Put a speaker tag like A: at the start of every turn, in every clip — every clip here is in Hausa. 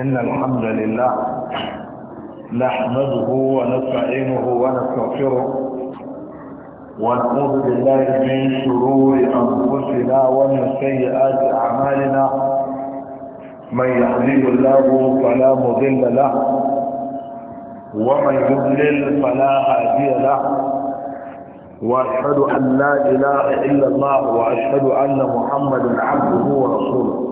A: إن الحمد لله نحمده ونستعينه ونستغفره ونعوذ بالله من شرور أنفسنا ومن سيئات أعمالنا من يهديه الله فلا مضل له ومن يضلل فلا هادي له واشهد ان لا اله الا الله واشهد ان محمدا عبده ورسوله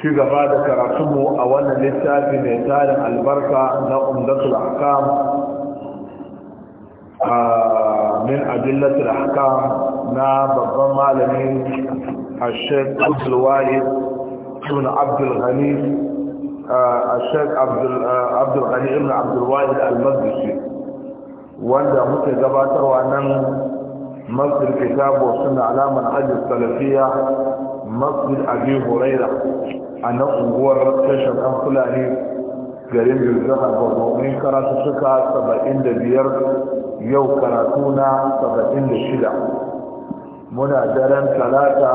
A: ci gaba da karatunmu a wannan littafi mai tarin albarka na umdatul ahkam min adillatul ahkam na babban malami الشيخ عبد الوالد ابن عبد الغني الشيخ عبد ibn ابن عبد الوالد المقدسي wanda muke gabatarwa nan masjid kitabu suna alaman hajji salafiya masjid abi huraira a nan unguwar tashar ɗan fulani garin birgahar borno mun karatu suka saba'in da biyar yau karatu na saba'in da shida muna daren talata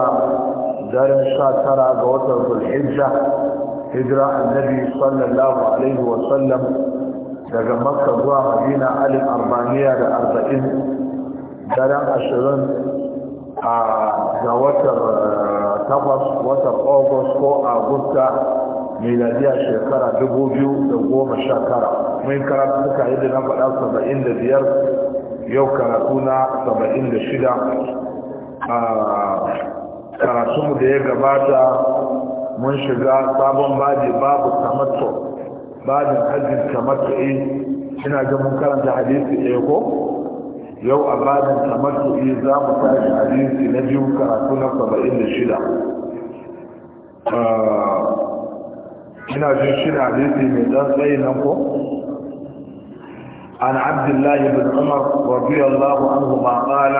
A: daren sha tara ga watan zulhijja hijira annabi sallallahu alaihi wasallam daga makka zuwa madina alif arba'iniya da arba'in daren ashirin a ga watan takwas watan august ko agusta miladiyar shekara dubu biyu da goma sha tara mun karatu suka yi da na faɗa saba'in da biyar yau karatu na saba'in da shida a karatunmu da ya gabata mun shiga sabon baji babu samatso bajin hajjin tamatto'i ina ga mun karanta hadisi ɗaya ko yau a ranar kamar tuɗi za mu tashi hadisi na biyu karatu na saba'in da shida ina jin shida hadisi mai ɗan tsayi nan ko عن عبد الله بن عمر رضي الله عنهما قال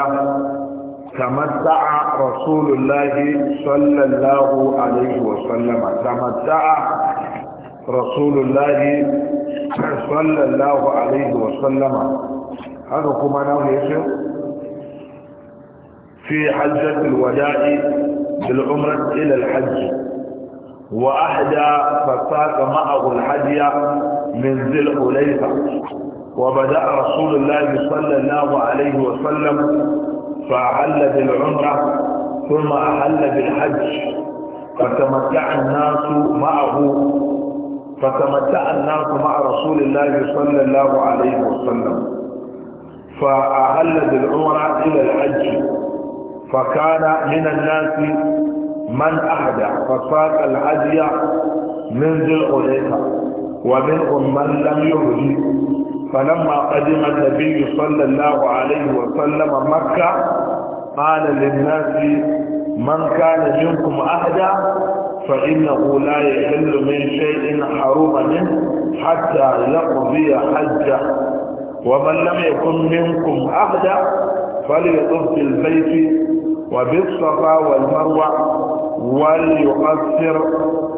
A: تمتع رسول الله صلى الله عليه وسلم تمتع رسول الله صلى الله عليه وسلم هذا كما نعم يسير في حجة الوداع بالعمرة إلى الحج وأحدى فساق معه الحدي من ذي الحليفة وبدأ رسول الله صلى الله عليه وسلم فأحل بالعمرة ثم أحل بالحج فتمتع الناس معه فتمتع الناس مع رسول الله صلى الله عليه وسلم فأهل بالعمرة إلى الحج فكان من الناس من أهدى فصاد الهدي من ذي الحليفة ومنهم من لم يهدي فلما قدم النبي صلى الله عليه وسلم مكة قال للناس من كان منكم أهدى فإنه لا يحل من شيء حرم منه حتى يقضي حجه ومن لم يكن منكم أهدى فليطف في البيت وبالصفا والمروة وليقصر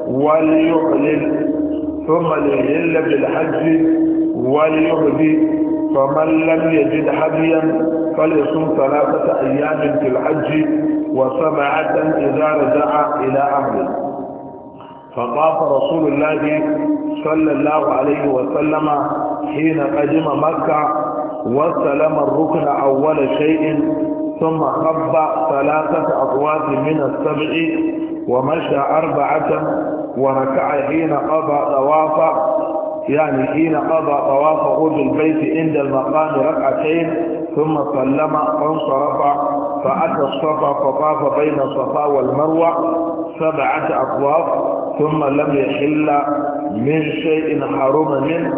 A: وليعلن ثم ليهل بالحج وليهدي فمن لم يجد حديا فليصوم ثلاثة أيام في الحج وسبعة إذا رجع إلى أهله فطاف رسول الله صلى الله عليه وسلم حين قدم مكة وسلم الركن أول شيء ثم خب ثلاثة أطوات من السبع ومشى أربعة وركع حين قضى طواف يعني حين قضى طواف أرض البيت عند المقام ركعتين ثم سلم فانصرف فأتى الصفا فطاف بين الصفا والمروة سبعة أطواف ثم لم يحل من شيء حرم منه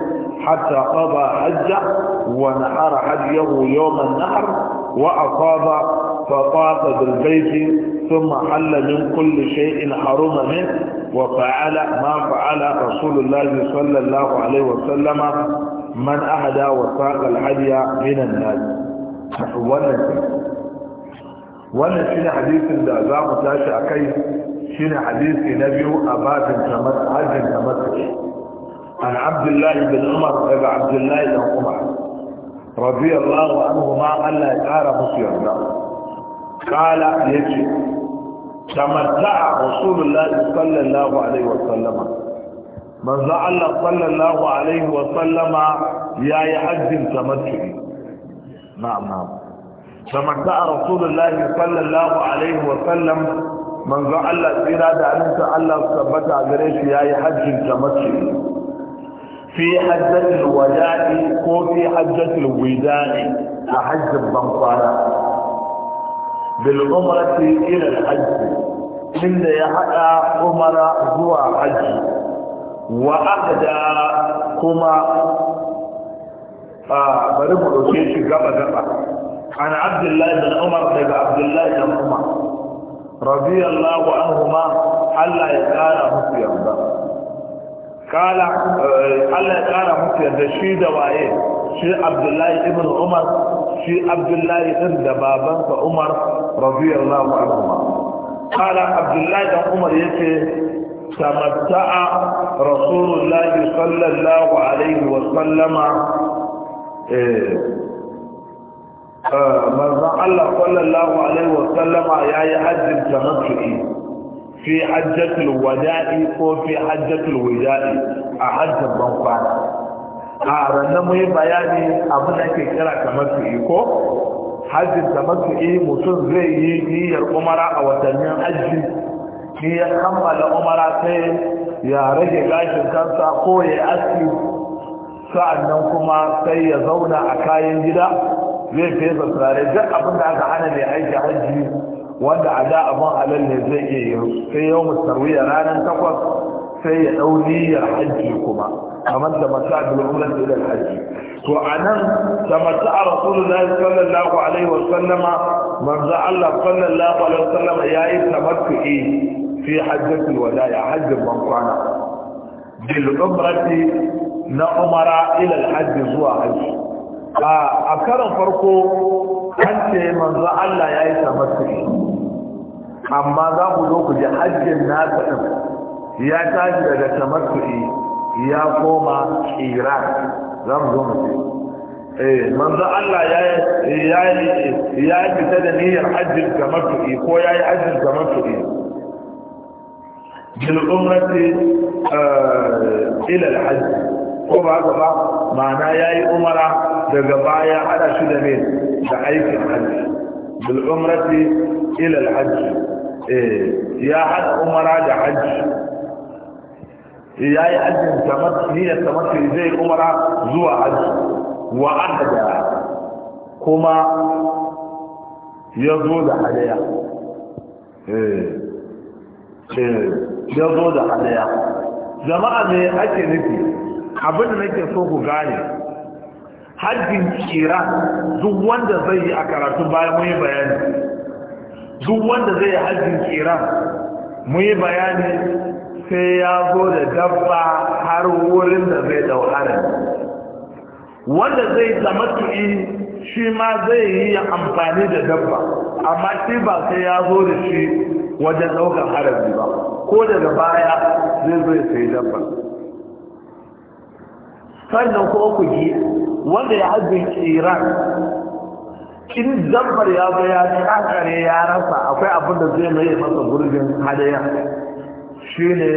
A: حتى قضى حجه ونحر حجه يوم النحر وأصاب فطاف بالبيت ثم حل من كل شيء حرم منه وفعل ما فعل رسول الله صلى الله عليه وسلم من أهدى وساق الهدي من الناس ونسي shi حديث hadisin da za mu shine hadisi na biyu a babin kamar hajjin kamar an abdullahi bin umar daga abdullahi dan umar radiyallahu anhu ma Allah ya kara musu yarda kala yace tamatta'a rasulullahi sallallahu alaihi wa sallama. manzo Allah sallallahu alaihi wa sallama yayi hajjin tamattu na'am na'am tamatta'a rasulullahi sallallahu alaihi wa sallam. manzon Allah tsira da annabin Allah tabbata gare shi yayi hajjin tamattu fi hajjatul wada'i ko fi hajjatul wida'i a hajjin bankwana bil umrati ila al hajj inda ya hada umara zuwa hajji wa ahda kuma bari mu dauke shi gaba gaba an abdullahi bin umar daga abdullahi bin umar رضي الله عنهما هل يقال مفيا قال هل يقال مفيا شيد واي شيء عبد الله ابن عمر شيء عبد الله ابن دبابا عمر رضي الله عنهما قال عبد الله بن عمر يتي تمتع رسول الله صلى الله عليه وسلم manzon Allah sallallahu alaihi wa sallama ya yi hajjin tamattu'i fi hajjatul wada'i ko fi hajjatul wada'i a hajjin ban kwana a ranar yi bayani abu da ke kira tamattu'i ko hajjin tamattu'i mutum zai yi niyyar umara a watannin hajji ni ya kammala umara sai ya rage gashin kansa ko ya aski sa'annan kuma sai ya zauna a kayan gida zai fesa turare duk abin da aka hana mai aiki hajji wanda a da abin halal ne zai iya yi sai yau musarwiya ranar takwas sai ya ɗau niyyar hajji kuma kamar da masa da umrar ilal hajji to a nan da masa a rasulullahi sallallahu alaihi wa sallama manzo Allah sallallahu alaihi wa sallama yayi tamattu'i fi hajjatul wada'i hajjin bankwana bil umrati na umara ila al hajji zuwa hajji a karon farko an ce manzo Allah ya yi tamattu'i amma za ku zo ku ji hajjin na din ya tashi daga tamattu'i ya koma kira za mu zo mu ce eh manzo Allah ya ya ya fita da niyyar hajjin tamattu'i ko ya yi hajjin tamattu'i bil umrati eh, ila al hajj ko ba haka ba ma'ana ya yi umara daga baya hada shi da ne da aikin hajji bil umrati ila al hajji ya hada umara da hajji ya yi hajjin niyyar tamattu zai umara zuwa hajji wa ahda kuma ya zo da hadaya ya zo da hadaya jama'a ne ake nufi abin da nake so ku gane hajjin kira duk wanda zai yi a karatu bayan muyi yi bayani duk wanda zai yi hajjin kira muyi yi bayani sai ya zo da dabba har wurin da zai dauhara wanda zai tamattu'i shi ma zai yi amfani da dabba amma shi ba sai ya zo da shi wajen daukar harabi ba ko daga baya zai zai sai dabba sannan kuma ku yi wanda ya hajjin iran in zambar ya zo ya kakare ya rasa akwai abin da zai mai masa gurbin hadaya shi ne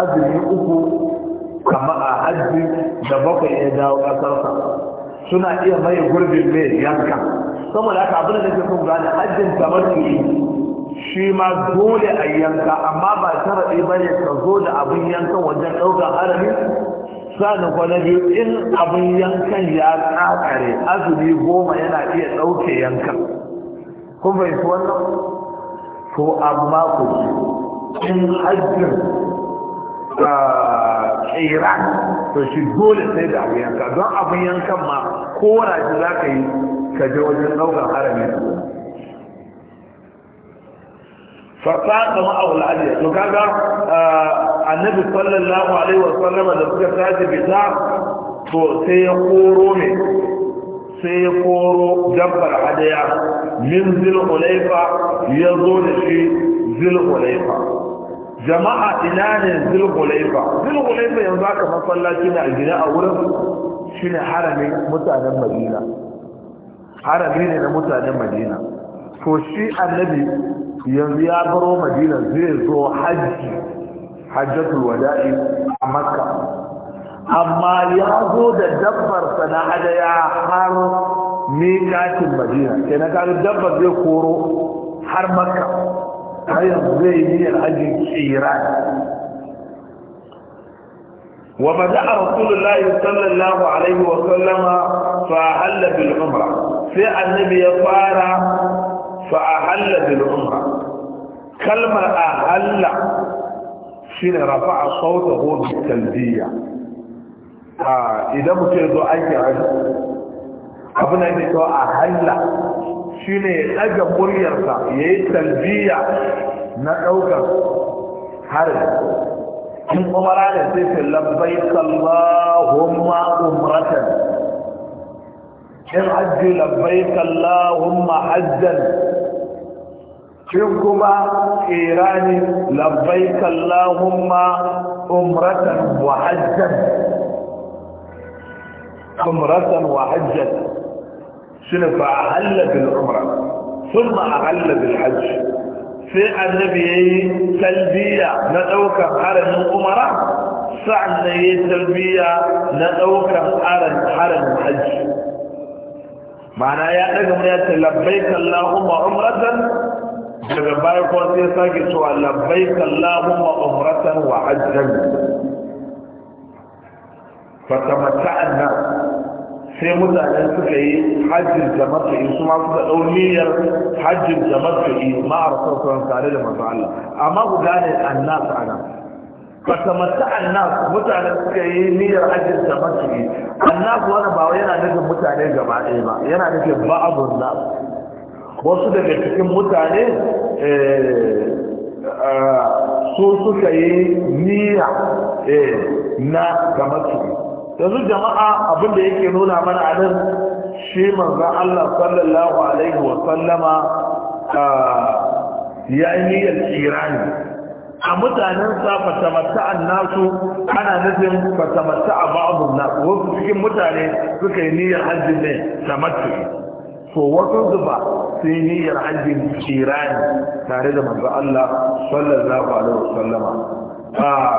A: azumi uku kama a hajji da bakwai ya dawo ƙasarsa suna iya mai gurbin mai yanka saboda haka abin da ke son gane hajjin kamar shi ma dole a yanka amma ba sharaɗi ba ne ka zo da abin yankan wajen ɗaukar harami ko na biyu in abin yankan ya kakare azumi goma yana iya ɗauke yankan kun fahimci wannan to amma ku in hajjin tsira to shi dole sai da abin yankan don abin yankan ma kowane shi za ka yi ka je wajen ɗaukar harami su fasaka ma'aul adiya to kaga ah, annabi sallallahu alaihi wa sallama da suka tashi bita to sai ya koro ne sai ya koro dabbar hadaya min zil hulaifa ya zo da shi zil hulaifa jama'a ina ne zil hulaifa zil hulaifa yanzu aka masallaci na gida a wurin shine haramin mutanen madina harami ne na mutanen madina to shi annabi yanzu ya baro madina zai zo hajji hajjatul wada'i a makka amma ya zo da dabbarsa na hadaya har mikatin madina sai na kaga dabbar zai koro har makka har yanzu zai yi niyyar hajjin tsiran وبدأ رسول الله صلى الله عليه وسلم فأهل بالعمرة في النبي فارا فأهل بالعمرة kalmar ahalla shine rafa'a sautahu bi talbiya a idan mutum ya zo aikin hajji abin da yake a halla shine ya daga muryarsa ya yi talbiya na ɗaukar harin in umara ne sai ce labbai kallahumma umratan in hajji labbai kallahumma hajjan in kuma tsira ne labbai kallahumma umratan wa hajjan umratan wa hajjan shi ne fa ahalla bil umra thumma ahalla bil hajj sai annabi yayi talbiya na daukar haramin umara sa'an yayi talbiya na daukar haramin hajji ma'ana ya daga mun ya ce labbaik allahumma umratan daga baya ko sai ya sake cewa labbaik allahumma umratan wa hajjan fatamatta'na sai mutane suka yi hajjin tamattu'i su ma suka dau niyyar hajjin tamattu'i ma arsaltu tare da manzo Allah amma ku ne annas ana fatamata annas mutane suka yi niyyar hajjin tamattu'i annas wannan ba yana nufin mutane gaba ɗaya ba yana nufin ba'dun nas wasu daga cikin mutane eh, eh, su suka yi niyya eh, na ga Da yanzu jama'a abinda yake nuna mana a nan shi manzan Allah sallallahu alaihi wa sallama ah, ya yi niyyar tsirani a mutanen sa fata an nasu ana nufin fatamata a ba'adun nasu wasu cikin mutane suka yi niyyar hajji ne tamattu to wasu zuba Sai yi niyyar hajjin kirani tare da manzo Allah sallallahu alaihi wasallama ah,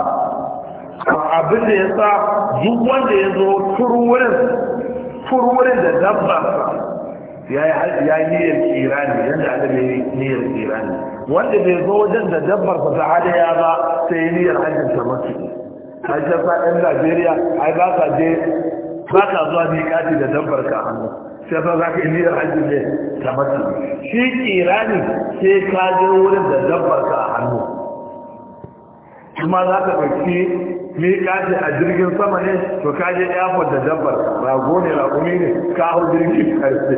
A: abin da ya sa duk wanda ya zo turwurin da dabbarsa ya yi niyyar kirani yadda adam ya yi niyyar kirani wanda bai zo wajen da dabbarsa ta hadaya ba sai yi niyyar hajjin ta mace hajjar sa 'yan najeriya ai ba ka je ba ka zuwa miƙati da dabbar ka hannu sai sa za ka yi hajji ne ta mace shi kirani sai ka je wurin da dabbar ka a hannu kuma za ka ɗauki miƙaci a jirgin sama ne to ka je airport da dabbar rago ne ragumi ne ka hau jirgin karfe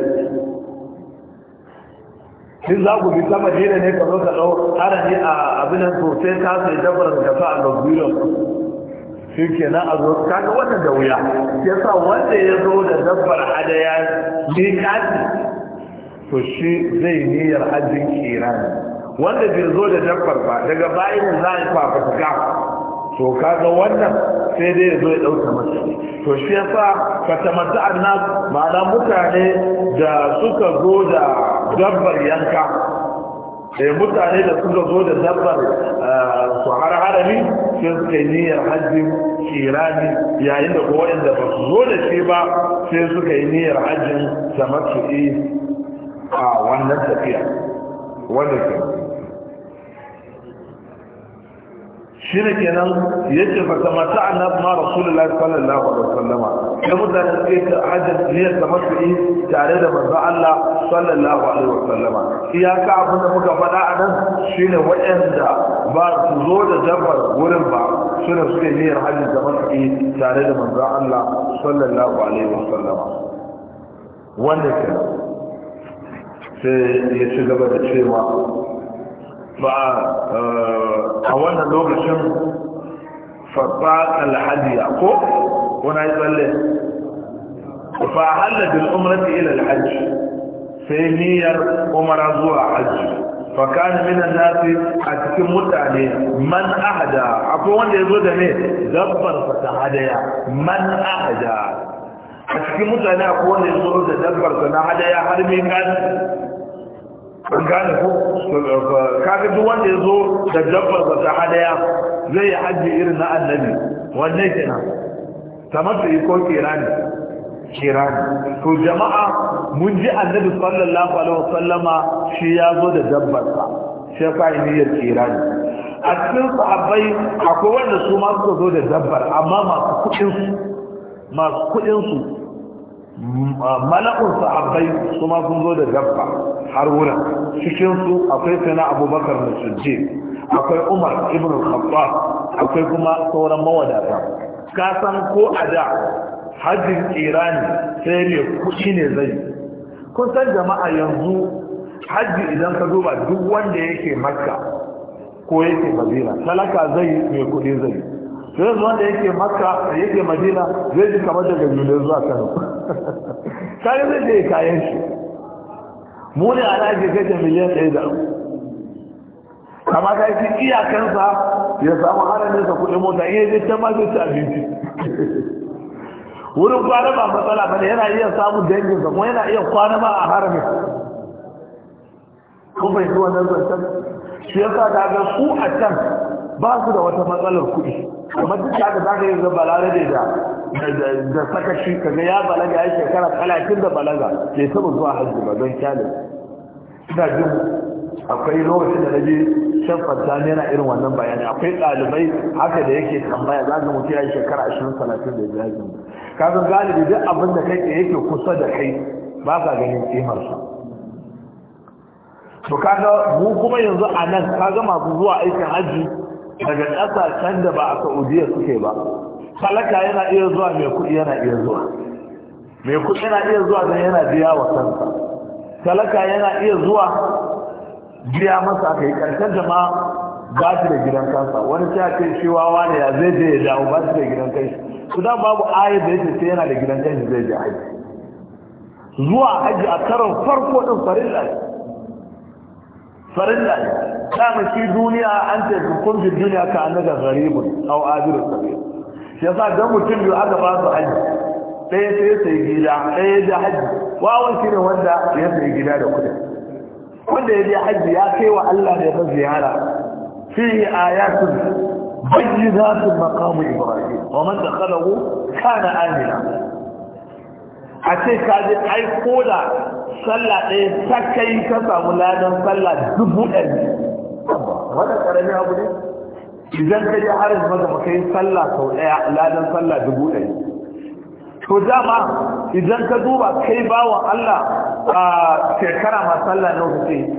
A: in za ku bi sama madina ne ka zo ka ɗau Harani a abinan to sai ka sai dabbar ka sa a luxurious shi ke nan a zo kaga wannan da wuya ya sa wanda ya zo da dabbar hadaya miƙati to shi zai niyyar hajjin kirani wanda bai zo da dabbar ba daga bayan za a fafatuka to kaga wannan sai dai ya zo ya ɗauka masa to shi ya sa fatamata annas ma'ana mutane da suka zo da dabbar yanka Eh, mutane da suka zo da dabbar eh, su har harami sai suka yi niyyar hajjin kirani yayin da kowa da ba su zo da shi ba sai suka yi niyyar hajjin samar su a wannan tafiya wannan tafiya shi ne kenan yake ba ta mata annab ma rasulullah sallallahu alaihi wasallama da mutane suke ta hajjar niyyar ta mafi tare da manzo Allah sallallahu alaihi wasallama iyaka abin da muka faɗa a nan shine waɗanda ba su zo da dabbar wurin ba suna suke niyyar hajji ta mafi tare da manzo Allah sallallahu alaihi wasallama wanda kenan sai ya ci gaba da cewa ba a wannan lokacin fasakal hadiya ko wani yi tsalle fa halladin umarci ila alhaji sai niyyar umara zuwa hajji fakana minan nasi a cikin mutane man ahada akwai wanda ya zo da ne dabbar fata hadaya man ahada a cikin mutane akwai wanda ya zo da dabbar fata hadaya har mai kati kun gane ko kaga duk wanda ya zo da dabbar ba ta hadaya zai yi hajji irin na annabi wanne kenan samar da iko kirani kirani to jama'a mun ji annabi sallallahu alaihi wasallama shi ya zo da dabbar sa shi ya fara niyyar kirani a cikin sahabbai akwai wanda su ma suka zo da dabbar amma masu kuɗin su masu kuɗin su mala'un sahabbai kuma sun zo da dabba har wurin cikinsu akwai sana abubakar na sujje akwai umar ibn khattab akwai kuma sauran mawadata ka san ko a da hajjin irani sai ne kuɗi ne zai kun san jama'a yanzu hajji idan ka duba duk wanda yake makka ko yake madina talaka zai mai kuɗi zai yanzu wanda yake makka yake madina zai ji kamar daga jule zuwa kano kayan zai je kayan shi mu ne ana kai da miliyan ɗaya da Kamata ta yi iyakansa ya samu haramin sa kuɗin mota iya zai can ma zai ci abinci wurin kwana ba matsala bane yana iya samun sa kuma yana iya kwana ba a haramin kuma bai zuwa nan zancen shi yasa da ga ku a can ba su da wata matsalar kuɗi kuma duk da za zaka yi zan balarabe da da sakashi kaga ya balaga ya shekara talatin da balaga bai saba zuwa hajji ba don kyalin ina jin akwai lokacin da na je shan fanta yana irin wannan bayani akwai ɗalibai haka da yake tambaya za ka mutu ya shekara ashirin talatin da ya Ka ga galibi duk abin da kai yake kusa da kai ba ka ganin kimar to kaga mu kuma yanzu a nan kaga masu zuwa aikin hajji daga ƙasashen da ba a saudiya suke ba talaka yana iya zuwa mai kuɗi yana iya zuwa mai kuɗi yana iya zuwa don yana biya wa kansa talaka yana iya zuwa biya masa aka yi ƙarshen da ma ba shi da gidan kansa wani sai ake shi wawa ne ya zai je ya dawo ba shi da gidan kai su dan babu ayar da yake sai yana da gidan kai zai je haji zuwa haji a karon farko din farilla فرن الله في دنيا انت تكون في الدنيا كانك غريب او عابر السبيل يسا دم متين يو اغا باو حج تي تي سي غيدا اي دا حج واو كده وندا يا سي غيدا دا كده يدي حج يا كيوا الله يا زياره فيه ايات بجذات مقام ابراهيم ومن دخله كان امنا a ce ka je ai ko da sallah ɗaya sakai ka samu ladan sallah dubu ɗari wanda ƙarami abu ne idan ka je harin maza maka yi sallah sau ɗaya ladan sallah dubu ɗari to dama idan ka duba kai wa Allah a shekara ma sallah nawa kake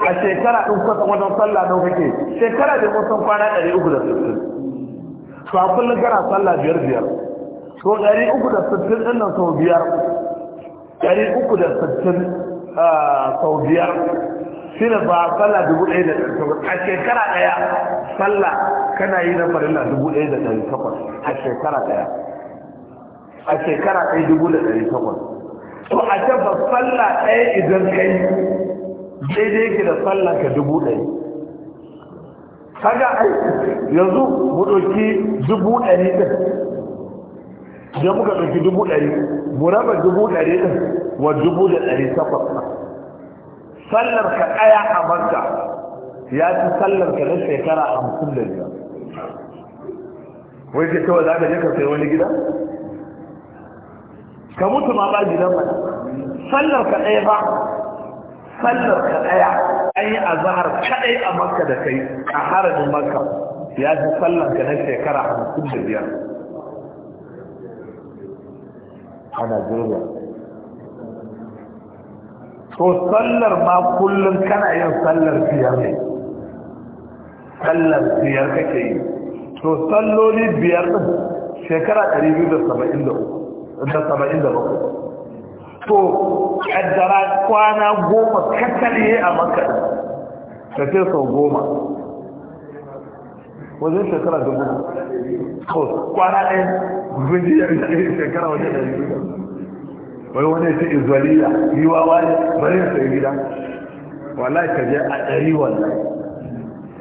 A: a shekara ɗin kwasa wajen sallah nawa kake shekara da kusan kwana ɗari uku da sittin to a kullum kana sallah biyar biyar to 360 ɗin nan sau biyar 360 sau biyar shi ne ba sallah dubu ɗaya da ɗari takwas a shekara ɗaya sallah kana yi na na dubu ɗaya da ɗari takwas a shekara ɗaya a shekara ɗaya dubu da ɗari takwas to a can ba sallah ɗaya idan kai daidai yake da sallah ka dubu ɗaya kaga ai yanzu mu ɗauki dubu ɗari ɗin idan muka ɗauki dubu ɗari mu raba dubu ɗari ɗin wa dubu da ɗari takwas sallar ka ɗaya a makka ya ci sallar ka na shekara hamsin da biyar wai ke cewa za ka je ka sai wani gida ka mutu ma ba gidan ba sallar ka ɗaya ba
B: sallar ka ɗaya an yi azahar
A: kaɗai a makka da kai a harabin makka ya ci sallar ka na shekara hamsin da biyar a Najeriya to sallar ma kullum kana yin sallar biyar ne sallar biyar kake yi to salloli biyar din shekara 273 to ƙaddara kwana goma kakaliye a maka ta ce sau goma wajen shekara dubu to kwana ɗaya gujiyar shekara wajen ɗari wani wani ce izwaliya yiwa wani bari na sai gida wala ka je a ɗari wannan.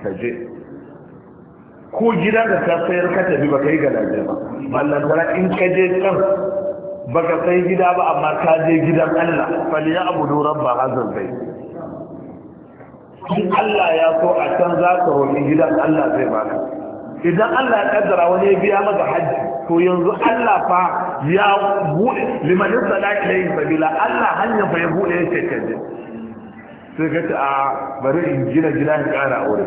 A: ka je ko gida da ta sayar ka tafi ka yi gada ba ballantana in ka je can ka sai gida ba amma ka je gidan Allah fali ya abu doron ba hazar bai in Allah ya so a can za ka roƙi gidan Allah zai ba ka. idan Allah ya kaddara wani ya biya maka hajji to yanzu Allah fa ya bude. liman yasala ilayhi sabila Allah hanya fa ya bude yake kaje sai ka ce a bari in gina gida in ƙara aure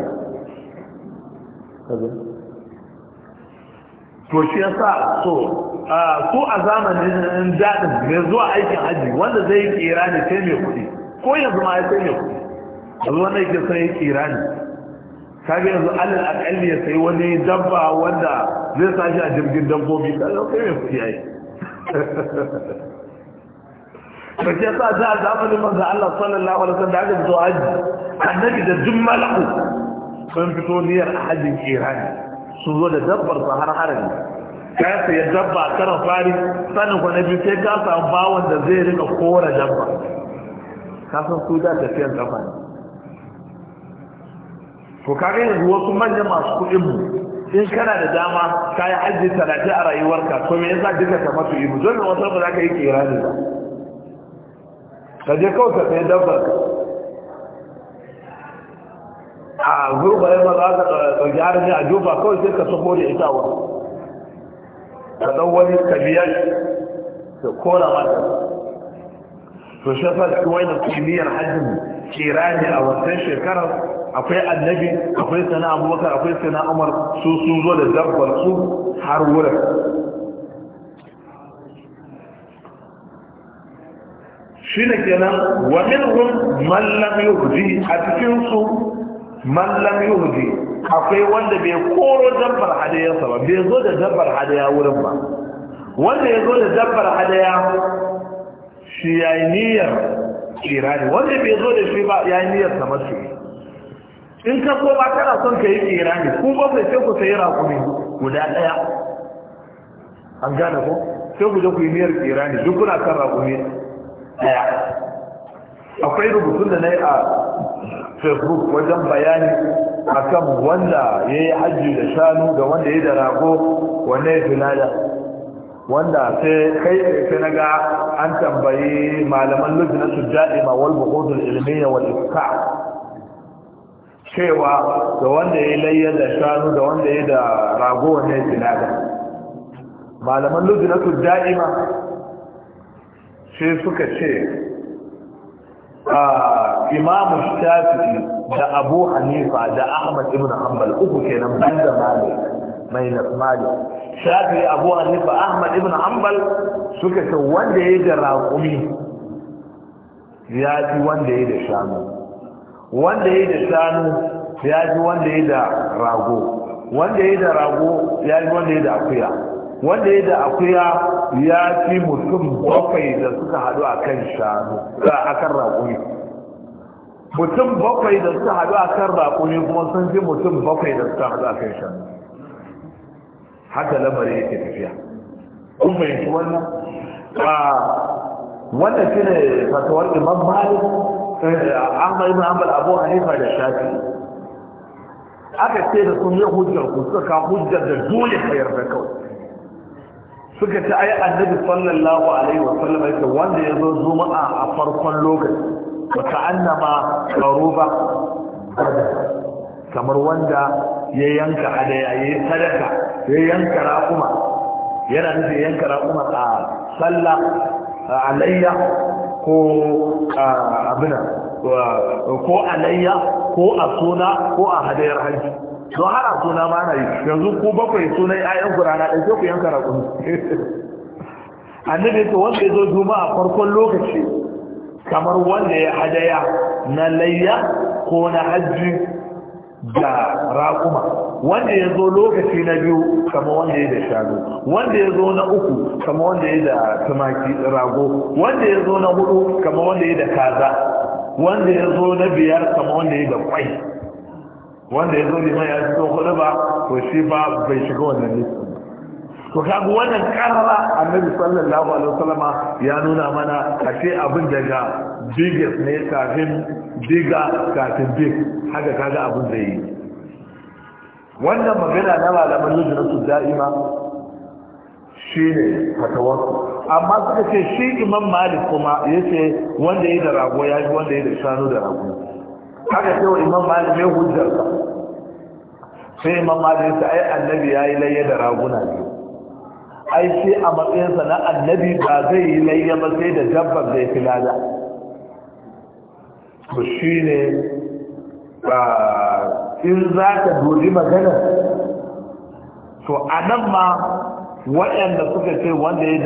A: to shi yasa so Ko a zamanin daɗin mai zuwa aikin hajji wanda zai kira ne sai mai kuɗi ko yanzu ma ya sai mai kuɗi yanzu wanda yake sai kira ne kaga yanzu alal akalli ya sayi wani dabba wanda zai sashi a jirgin dabbobi kaga kai mai kuɗi ai ba ke sa ta zamanin manzo Allah sallallahu alaihi wasallam da aka fito haji annabi da duk malaku sun fito niyyar hajjin kirani sun zo da dabbar sa har harami ka sayi dabba karan fari sanin kwanabi sai ka samu bawon da zai rika kora dabba ka san su da tafiyar kafa ne ka ga yanzu wasu manyan masu kuɗin mu in kana da dama ka yi aji talatin a rayuwarka to me yasa duka ka masu ibu don da wasu za ka yi kera ne ba ka je kawai ka sai dabbar ka a gurba ya ma za ka ɗauki harfi a juba kawai sai ka soko da ita wa ka ɗau wani ka biya ka kora mata to shi yasa cikin wani kimiyyar hajji ke ne a wancan shekarar akwai annabi akwai sana abubakar akwai sana umar su sun zo da dabbar su har wurin shi ne kenan wa minhum man lam a cikin su man lam akwai wanda bai koro dabbar hadaya ba bai zo da dabbar hadaya wurin ba wanda ya zo da dabbar hadaya shi yayi niyyar kirani wanda bai zo da shi ba yayi niyyar ta masu in ka koma kana son ka yi tsira ne ko ba sai ku sayi ne guda ɗaya an gane ko sai ku je ku yi miyar tsira ne duk kuna kan ne ɗaya akwai rubutun da na yi a facebook wajen bayani akan wanda ya yi hajji da shanu da wanda ya yi da rago wanda ya fi wanda sai kai sai na ga an tambayi malaman lujina su da'ima wal bukutul ilmiya wal ifka cewa da wanda ya layya da shanu da wanda ya da rago ne sinada malaman lujinatu da'ima sai suka ce imamu shafi'i da abu hanifa da ahmad ibn hanbal uku kenan ban da mali mai nasmali shafi'i abu hanifa ahmad ibn hanbal suka ce wanda ya da raƙumi ya fi wanda ya da shanu wanda ya da shanu ya ji wanda ya da rago wanda ya da rago ya ji wanda ya da akuya wanda ya da akuya ya fi mutum bakwai da suka haɗu a kan shanu a kan raƙumi mutum bakwai da suka haɗu a kan raƙumi kuma sun fi mutum bakwai da suka haɗu a kan shanu haka lamarin yake tafiya kun fahimci wannan ah, wannan shi ne fatawar imam malik ahmad ibn hanbal abu hanifa da shafi aka ce da sun yi hujjar ku suka ka hujjar da dole ka yarda kawai suka ta ayi annabi sallallahu alaihi wa sallam yake wanda ya zo juma'a a farkon lokaci wa ta'annama qaruba kamar wanda ya yanka adaya ya yi sadaka ya yanka raƙuma yana nufin yanka raƙuma a sallah alayya ko ko alayya ko a suna ko a hadayar hajji don har a suna ma na yi yanzu ko bakwai suna sunan 'ya'yan kurana ɗan sai ku yanka rakun annabi to wanda ya zo a farkon lokaci kamar wanda ya hadaya na layya ko na hajji da raƙuma wanda ya zo lokaci na biyu kama wanda ya da shago wanda ya zo na uku kama wanda ya da tumaki rago wanda ya zo na hudu kama wanda ya da kaza wanda ya zo na biyar kama wanda ya da kwai wanda ya zo liman ya zo hudu ba to shi ba bai shiga wannan lissa to kaga wannan karara annabi sallallahu alaihi wasallama ya nuna mana kace abin daga biggest ne kafin diga kafin big haka kaga abin da yi wannan magana na malaman su da'ima shine fatawarsu amma suka ce shi imam malik kuma ya ce wanda ya da rago ya ji wanda ya da shanu da rago haka cewa imam malik ya hujjarsa sai imam malik ya ce ai annabi ya yi layya da raguna biyu ai a matsayinsa na annabi ba zai yi layya ba sai da dabbar da ya fi lada to shi ne ba in za ka doji magana to a nan ma waɗanda suka ce wanda ya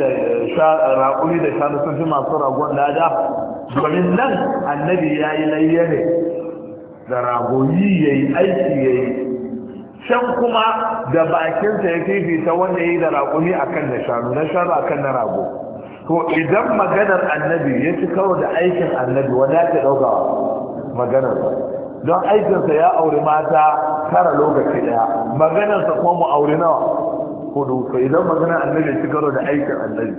A: da raƙuri da shanu sun fi masu ragon lada domin nan annabi ya yi layya ne da ragoyi ya yi aiki ya yi can kuma da bakinsa ya fifita wanda ya yi da raƙumi a kan na shanu na shanu a kan na rago to idan maganar annabi ya ci karo da aikin annabi wanda ya ɗauka maganarsa don aikinsa ya auri mata tara lokaci ɗaya maganarsa kuma mu auri nawa hudu to idan maganar annabi ya ci karo da aikin annabi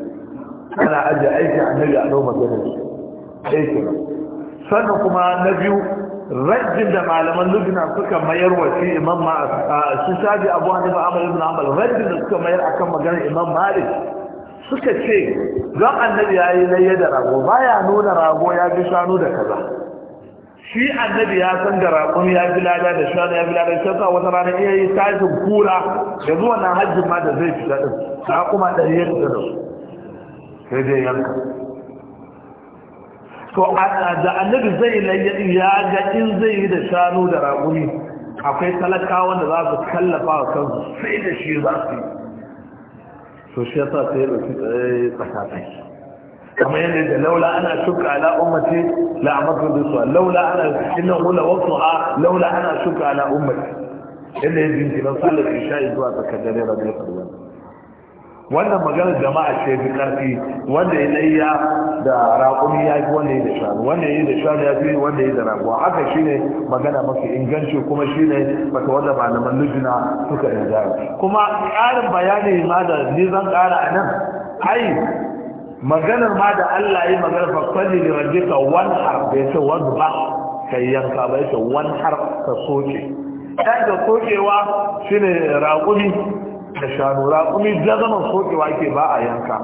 A: ana ajiye aikin annabi a ɗau maganar shi aikin sannan kuma na biyu rajin da malaman lubina suka mayar wa shi imam shi shafi abu ba amal na hanbal rajin da suka mayar akan maganar imam malik suka ce don annabi ya yi laye da rago baya nuna rago ya fi shanu da kaza shi annabi ya san da ragon ya fi lada da shanu ya fi lada shi yasa wata rana iya yi tashin kura da zuwa na hajjin ma da zai fita din na kuma ɗari ya fita da su sai dai yanka to da annabi zai layyaɗi ya ga in zai yi da shanu da raguni akwai talakawa da za su kallafa wa kansu sai da shi za su yi to shi yasa sai ya ɗauki tsakatsaki kamar yadda da laula ana shuka ala ummati la amatu bisu laula ana innahu la waqtuha laula ana shuka ala ummati inda yadda yake nan sallar isha'i zuwa tsakar dare rabbil alamin wannan magana jama'a ce fi karfi wanda ya layya da raƙumi ya fi wanda ya da shanu wanda ya yi da shanu ya fi wanda ya da raguwa haka shine magana mafi inganci kuma shine bata wanda malaman lujina suka rinjaya kuma ƙarin bayani ma da ni zan ƙara a nan ai maganar ma da Allah ya yi maganar fakwalli da rajika wani har ya ce wani ba kai yanka bai ce wani har ka soke ɗan da sokewa shine raƙumi da shanu raƙumi jazaman sokewa ke ba a yanka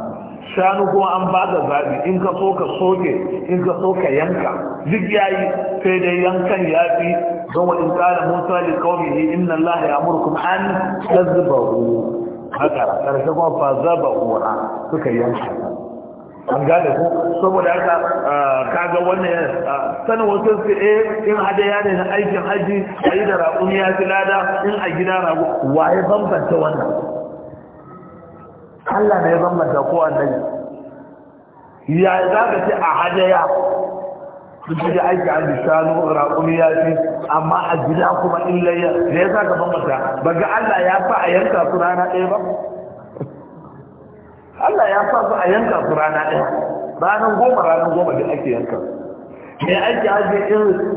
A: shanu kuma an ba da zaɓi in ka so ka soke in ka so ka yanka duk yayi sai dai yankan ya fi don wa in ƙara musa li qaumihi inna allaha ya'murukum an tazbahu haka karshe kuma fa zabahu suka yanka an gane ko saboda haka ah, kaga wannan ah, sanin wasu su e eh, in hadaya ne na aikin haji a yi da raƙun ya fi lada in a gida rago ya bambanta wannan Allah ne ya bambanta ko annabi ya za ka ce a ya su ji aiki a shanu raƙun ya fi amma a gida kuma in layar da ya za ka bambanta ba ga Allah ya fa a yanka su rana ɗaya ba Allah ya sa su a yanka su rana ɗaya ranar goma ranar goma da ake yanka mai aiki aji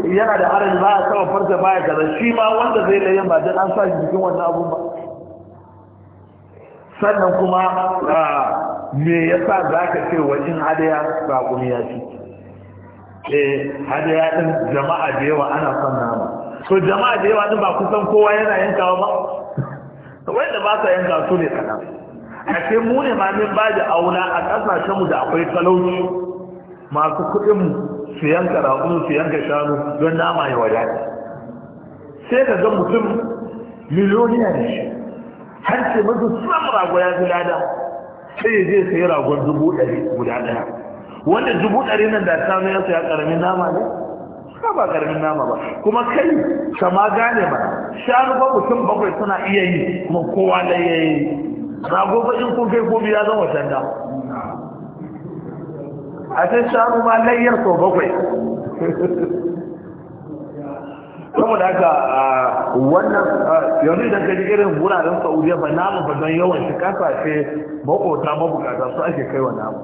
A: in yana da harin za a saba farta baya kaza shi ma wanda zai da yin ba don an sa shi jikin wannan abun ba sannan kuma me ya sa za ka ce wajen hadaya saƙuni ya ci eh hadaya ɗin jama'a da yawa ana son nama so jama'a da yawa ɗin ba kusan kowa yana yankawa ba wanda ba sa yanka su ne kaɗan a ce mu ne ma min baji aula a kasashenmu da akwai talauci masu kuɗin su yanka raƙun su yanka shanu don nama ya wadata sai ka ga mutum miliyoniya ne shi har ce mazu suna rago ya fi lada sai ya je sayi ragon dubu ɗari guda ɗaya wanda dubu ɗari nan da shanu ya saya ƙaramin nama ne ka ba karamin nama ba kuma kai sama gane ba shanu ba mutum bakwai suna iya yi kuma kowa da ya yi rago fa in kun kai gobe ya zama tanda a can shanu ma layyar sau bakwai saboda haka wannan yanzu idan ka ji irin wuraren saudiya ba namu ba don yawan shi ce makota mabukata su ake kai wa namu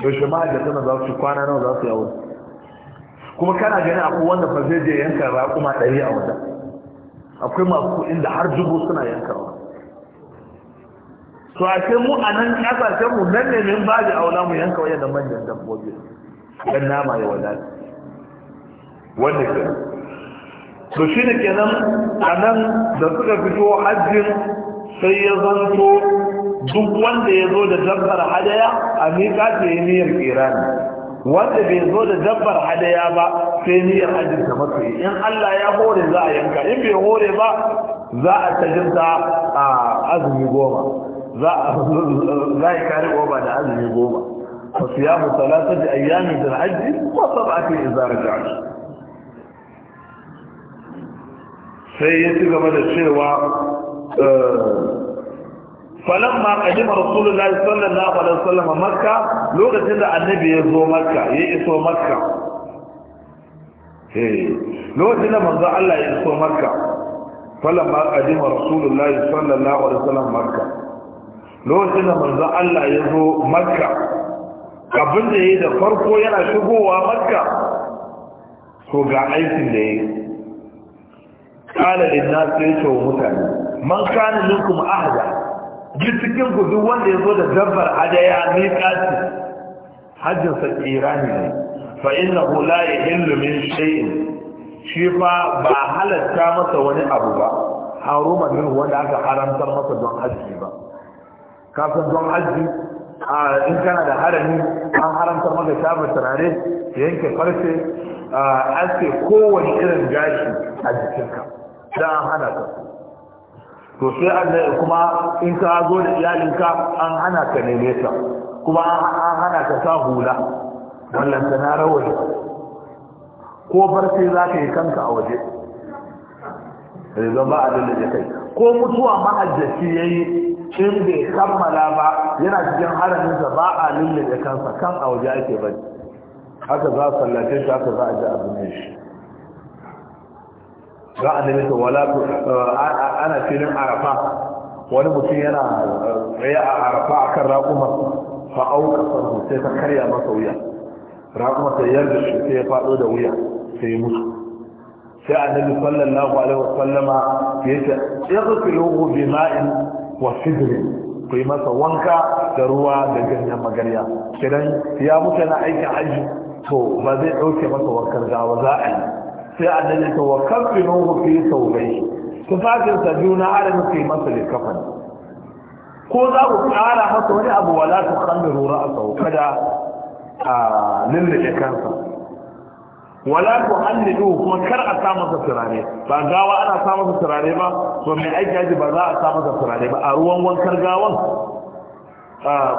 A: yaushe ma da tana za su kwana nawa za su yawon kuma kana gani akwai wanda ba zai je yanka raƙuma ɗari a wata akwai masu inda har dubu suna yankawa to a ce mu a nan kasashen mu nan ne min ba da aula mu yanka wajen da manyan dabbobi dan nama ya wadata wanda ke to shi ne kenan a nan da suka fito hajjin sai ya zanto duk wanda ya zo da dabbar hadaya a miƙa ta yi niyyar kirani wanda bai zo da dabbar hadaya ba sai niyyar hajjin ta masu in Allah ya hore za a yanka in bai hore ba za a tajinta a azumi goma za a yi kari oba da azumi goma fa siyamu salatati ayyamin fil hajji wa sab'ati idza shi. sai ya ci gaba da cewa eh, falamma qadima rasulullahi sallallahu alaihi wasallam makka lokacin da annabi ya zo makka ya iso makka eh, lokacin da manzo Allah ya iso makka falamma qadima rasulullahi sallallahu alaihi wasallam makka lokacin da manzo Allah ya zo makka abin da ya yi da farko yana shigowa makka to ga aikin da ya yi kala sai ce mutane man kana minkum ahda duk ku wanda ya zo da dabbar hadaya ne kaci hajjin sa kirani ne fa innahu la yahillu min shay'in shi fa ba halatta masa wani abu ba haruma min wanda aka haramtar masa don haji ba kafin don aji a in kana da harami an haramta maka shafa turare yanke farce a aske kowane irin gashi a jikinka da an hana ka to sai an kuma in ka zo da iyalinka an hana ka neme ta kuma an hana ka sa hula wallanta na rawani ko farce za ka yi kanka a waje zai ba a dalaje kai ko mutuwa mahajjaci ya yi in bai kammala ba yana cikin haraminsa ba a lullube kansa kan a waje ake bari haka za a sallace shi haka za a ji abin shi za a nemi wala ana filin arafa wani mutum yana eh, tsaye a arafa a kan raƙuma fa fa'auka sarhu sai ta karya masa wuya raƙuma sai yarda shi sai ya faɗo da wuya sai mutu sai annabi sallallahu alaihi wasallama yace yaghsiluhu bima'in wa sidrin ku yi masa wanka da ruwa da ganyen magarya kidan ya mutu na aikin hajji to ba zai ɗauke masa wakar gawa za a yi sai annabi ta wakar finuhu fi saurai tufafin sa juna na su yi masa likafan ko za ku ƙara masa wani abu wala ta kandiru ra'asa kada a lullube kansa wala ku hallidu kuma kar a sa da turare ba gawa ana sa da turare ba to mai aiki aji ba za a sa da turare ba a ruwan wankar gawan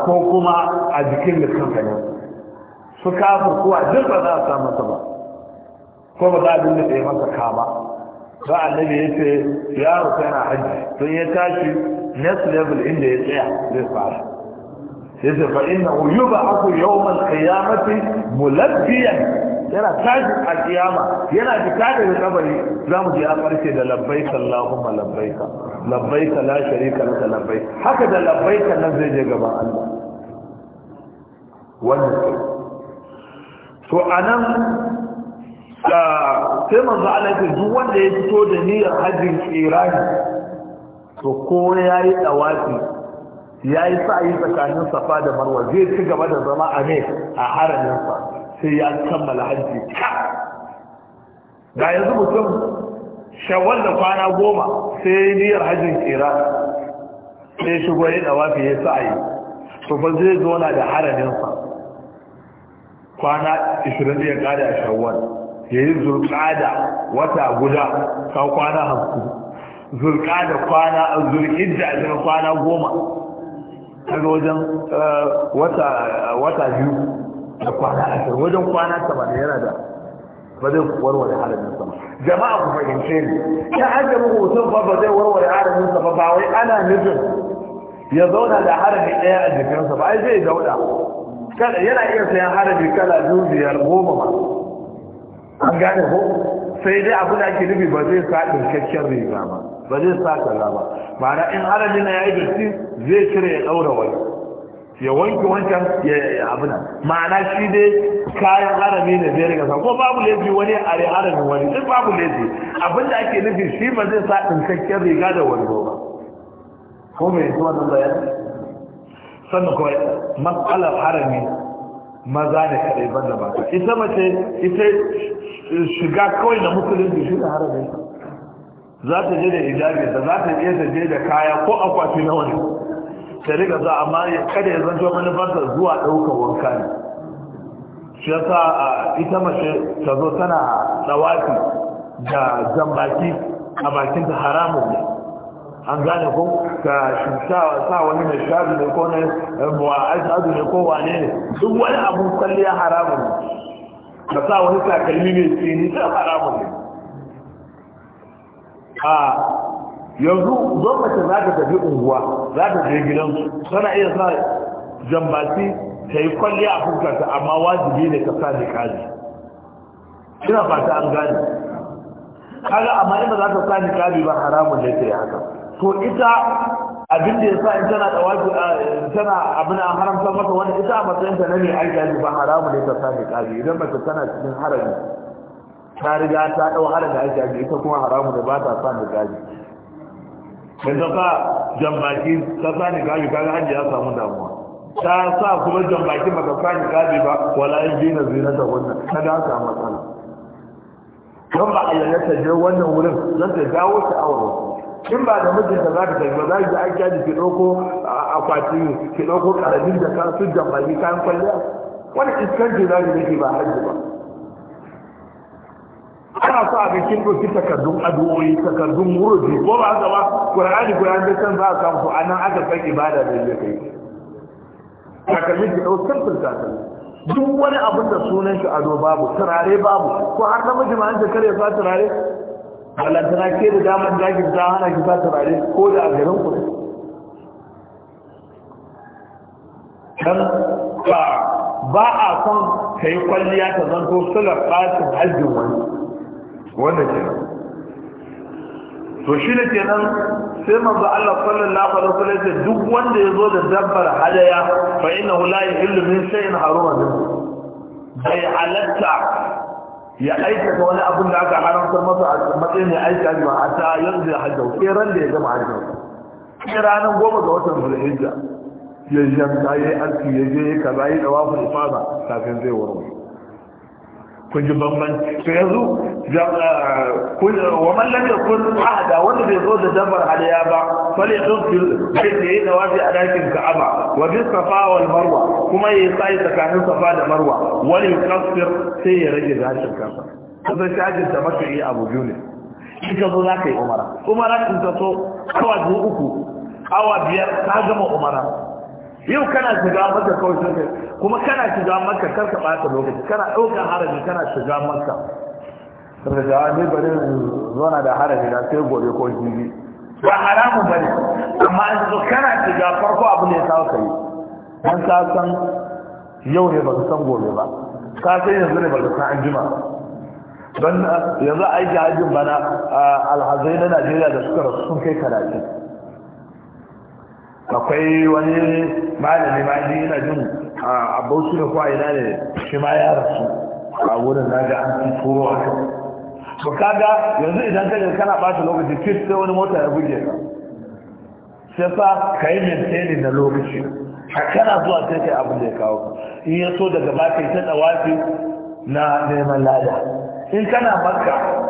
A: ko kuma a jikin da kanka ne su kafin kuwa duk ba za a sa da ba ko ba za a dinga tsaye masa kama? ba ba annabi ya ce yaro na hajji sun ya tashi next level inda ya tsaya zai fara yace fa innahu yub'athu yawm al-qiyamati mulabbiyan yana tashi a kiyama yana fita daga kabari za mu je a farce da labbaika Allahumma labbaika labbaika la sharika laka labbaik haka da labbaika nan zai je gaba Allah wannan to anan sai manzo Allah ya duk wanda ya fito da niyyar hajjin kirani to ko yayi dawafi yayi sa'i tsakanin safa da marwa zai ci gaba da zama a ne a haramin sa sai ya kammala hajji ga yanzu mutum shawar da kwana goma sai ya yi niyyar hajjin kira sai shigo ya dawa fiye sa'ayi to ba zai zona da haraminsa kwana 20 ya kada a shawar ya yi zurkada wata guda ta kwana hamsin zurkada kwana zurkidda a cikin kwana goma daga wajen eh, wata biyu da kwana ashirin wajen kwana saba'in yana da ba zai warware halayen sama jama'a ku fahimce ne ta ajabi hoton ba ba zai warware halayen sama ba wai ana nufin ya zauna da harafi ɗaya a jikinsa ba ai zai zauna yana iya sayan harafi kala biyu biyar goma ba an gane ko sai dai abu da ake nufi ba zai sa ɗinkakken riga ba ba zai sa kaza ba ma'ana in harafi na ya yi datti zai cire ya ɗaura wani ya wanke wancan ya abuna ma'ana shi dai kayan harami ne zai riga ko babu laifi wani a re harami wani duk babu laifi abinda ake nufi shi ba zai sa ɗinkakken riga da wando ba ko mai yi wannan bayani sannan kuma matsalar harami maza ne kaɗai ban da mata ita mace ita shiga kawai na musulunci shi da harami za ta je da ijabi za ta ta je da kaya ko akwati na wani ta riga za amma kada ya zanto manufarta zuwa ɗaukar wanka ne shi a ita mace ta zo tana tsawafi da zambaki a bakin ta haramun ne an gane ko ka shinsawa sa wani mai shabi ne ko ne mu'a'adu ne ko wane ne duk wani abun kwalliya haramun ne ka sa wani takalmi mai tsini ta haramun ne a yanzu zon mace za ta tafi unguwa za ta je gidan tana iya sa jambaci ta yi kwalliya a fuskarta amma wajibi ne ka sa kaji ina fata an gane kaga amma in za ta sa kaji ba haramun ne ta yi haka to ita abin da ya sa in tana da in tana abin an haramta masa, wani ita a matsayin ta na ne gani ba haramun ne ta sami kaji idan mace tana cikin harami ta riga ta ɗau harami alƙali ita kuma haramun ne ba ta sami kaji da ta sa jambaki ta sa ni gabi ga hajji ya samu damuwa ta sa kuma jambaki baka sa ni gabi ba wala yin zina ta wannan ta da samu matsala don ba a yaya ta je wannan wurin zan ta dawo ta awar in ba da mijinta za ta tafi ba za ki aiki da ki ɗauko akwati ki ɗauko ƙaramin da kan su jambaki kayan kwalliya wani iskanci za ki ba hajji ba ana so a ga kin ɗauki takardun addu'o'i takardun murubi ko ba haka ba qur'ani qur'ani da kan za a samu a nan aka san ibada da yake kai takalmin ki ɗau simple takalmi duk wani abin da sunan shi ado babu turare babu ko har namiji ma an da kare sa turare balantana ke da damar dajin ta hana ki sa turare ko da a garin ku dan ba a son kai kwalliya ta zanto sular fasin hajjin wani
B: wannan kenan
A: to shi ne kenan sai manzo Allah sallallahu alaihi wasallam ce duk wanda yazo da dabbar hadaya fa innahu la yahillu min shay'in haruma min bai halatta ya aikata wani abin da aka haramta masa a matsayin ya aika ba a ta yanzu ya hajjau tseren da ya gama hajjau sai ranar goma ga watan zulhijja ya yanka ya yi aski ya je ya kaza ya dawa fa ifada kafin zai warware kun ji bambanci to yanzu ah, wa man lam ahada wanda bai zo da dabar haliya ba fali yadfil bai da yana wafi a ɗakin ka'aba wa bi safa wal marwa kuma yayi sai tsakanin safa da marwa Wani yukaffir sai ya rage gashin kansa kasan shajin da mafi abu biyu ne in ka zo za ka yi umara umara in ka so awa biyu uku awa biyar ka gama umara yau kana shiga maka kawai sai kuma kana shiga maka kar ka bata lokaci kana ɗaukar haraji kana shiga maka saboda ah, da ne bari zona da haraji na sai gobe ko jibi ba haramun bane amma an zo kana shiga farko abu ne sa kai An ka san yau ne ba su san gobe ba ka san yanzu ne ba su san anjima don ah, yanzu aiki hajjin bana ah, alhazai na Najeriya da suka rasu sun kai karatu akwai wani malami ma ji ina jin a su da kuwa ina da shi ma ya rasu a wurin na ga an turo a kai to kaga yanzu idan ka kana bata lokaci fit sai wani mota ya buge ka sai fa ka yi maintaining na lokaci kana zuwa sai kai abin da ya kawo in ya so daga ba kai ta tsawafi na neman lada in kana makka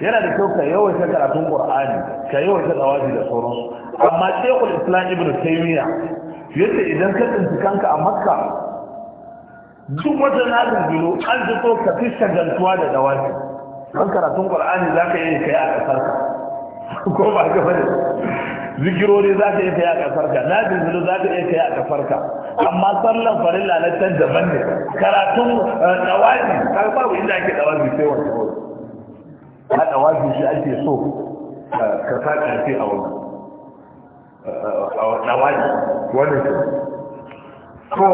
A: yana da kyau ka yawaita karatun qur'ani ka yawaita tsawazi da sauransu amma shekul islam ibnu taymiya yace idan ka tsinci kanka a makka duk wata na zuzuro an ji so ka fi shagantuwa da dawaki kan karatun qur'ani za ka yi yi a ƙasar ka ko ba ka bane zikirori za ka yi kai a ƙasar ka na zuzuro za ka yi kai a ƙasar ka amma sallan farilla na can daban ne karatun dawaki eh, ka babu inda ake dawaki sai wani haɗa wafi shi ake so ka sa ƙarfi a wani a wafi wani to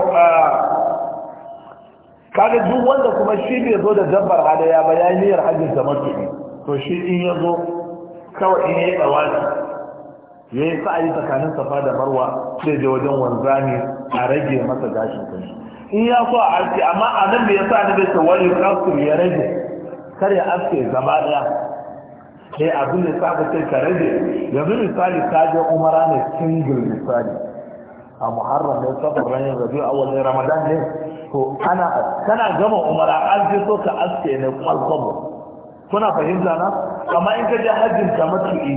A: kaga duk wanda kuma shi bai zo da dabbar hadaya ba ya yi niyyar hajjin zaman tuɗi to shi in ya zo kawai in ya yi tsawani ya yi sa'ayi tsakanin safa da marwa sai da wajen wanzani a rage masa gashin kanshi in ya so a arki amma a nan bai yasa ni bai ce wani kasur ya rage kar ya aske gaba daya sai eh, abin da sa ka ka rage yanzu misali ka je umara ne single misali a muharram ne safar ranar rabi a ne ramadan ne to ana kana gama umara an je so ka aske ne kwalkwabo kuna fahimta na amma in ka je hajjin ka matu'i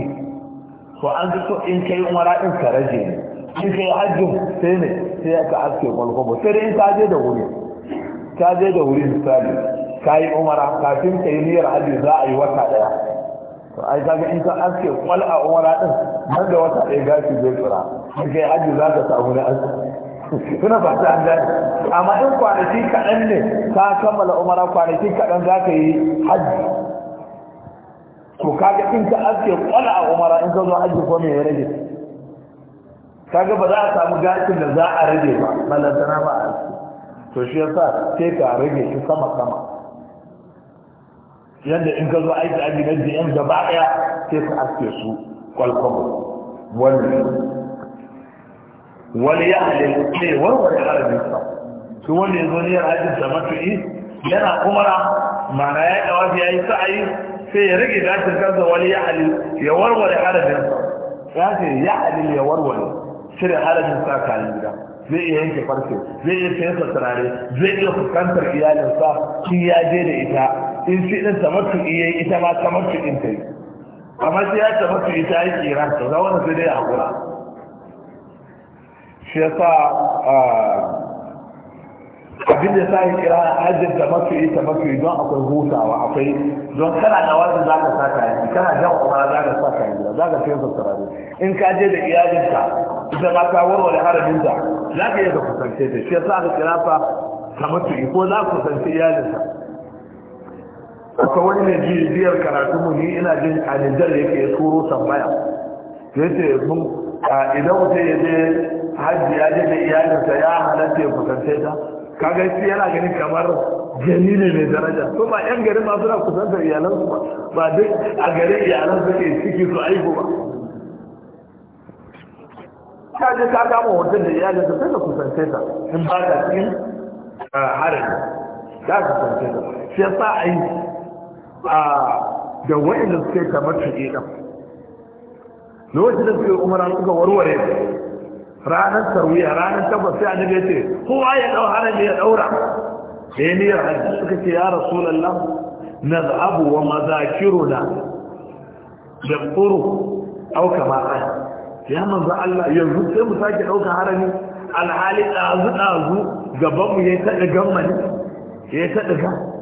A: to an ji so in kai umara din ka rage ne in yi hajjin sai ne sai ka aske kwalkwabo sai dai in ka je da wuri ka je da wuri misali Kayi umara kafin ka yi niyyar hajji za a yi wata ɗaya to ai kaga in ka aske kwal a umara din nan da wata ɗaya gashi zai tsira in kai hajji za ka samu ne aske suna ba ta da amma in kwanaki kaɗan ne ka kammala umara kwanaki kaɗan za ka yi hajji to kaga in ka aske kwal a umara in ka zo hajji ko me ya rage kaga ba za a samu gashin da za a rage ba ballantana ba a to shi yasa sai ka rage shi sama sama yadda in ka zo aiki a gidan jiyan gaba ɗaya sai ka aske su kwalkwabo wani wani ya halin ne eh, warware harajinsa shi wanda ya zo niyyar hajjin da matu'i yana kumara mana ya ɗawa ya yi sa'ayi sai ya rage dashin kansa wani ya halin ya warware harajinsa ya ce ya halin ya warware cire harajinsa kayan gida zai iya yanke farce zai iya sayar turare zai iya fuskantar iyalinsa shi ya je da ita in shi ɗin tamattu iya yi ita ma ta mutu ɗin ta yi amma sai ya mutu ita ya kira ta za wani sai dai haƙura shi ya sa abin da sa ya kira ta mutu iya mutu don akwai hutawa akwai don kana da wani za ka saka yi kana jan kuma za ka saka yi za ka fiye sassarari in ka je da iyalinka ita ma ka warware haraminta za ka iya da kusance ta shi ya sa ka kira ta tamattu ko za ku kusance iyalinka Ka wani ne ji biyar karatu mu ni ina jin alijar da yake turo tambaya ya ce mun idan mutum ya je hajji ya je da iyalinsa ya halatta ya kusance ta kaga shi yana gani kamar gani ne mai daraja to ba yan gari ma suna kusantar iyalansu ba ba duk a garin iyalan suke ciki su aiko ba ka je ka kama hoton da iyalinsa sai ka kusance ta in ba ka cikin eh, harin za ka kusance ta shi ya a yi. a da wa'inda suka yi kamar tuɗe ɗan lokacin da suka yi umara suka warware ranar tarwiya ranar tabbas sai annabi ya ce kowa ya ɗau harami ya daura. sai ne ya hajji suka ce ya rasulallah na zabu wa mazakiruna da ƙuru ɗauka ma'an ya manzo Allah yanzu sai mu sake ɗauka harami alhali ɗazu-ɗazu gabanmu ya taɗa gammani ya taɗa gammani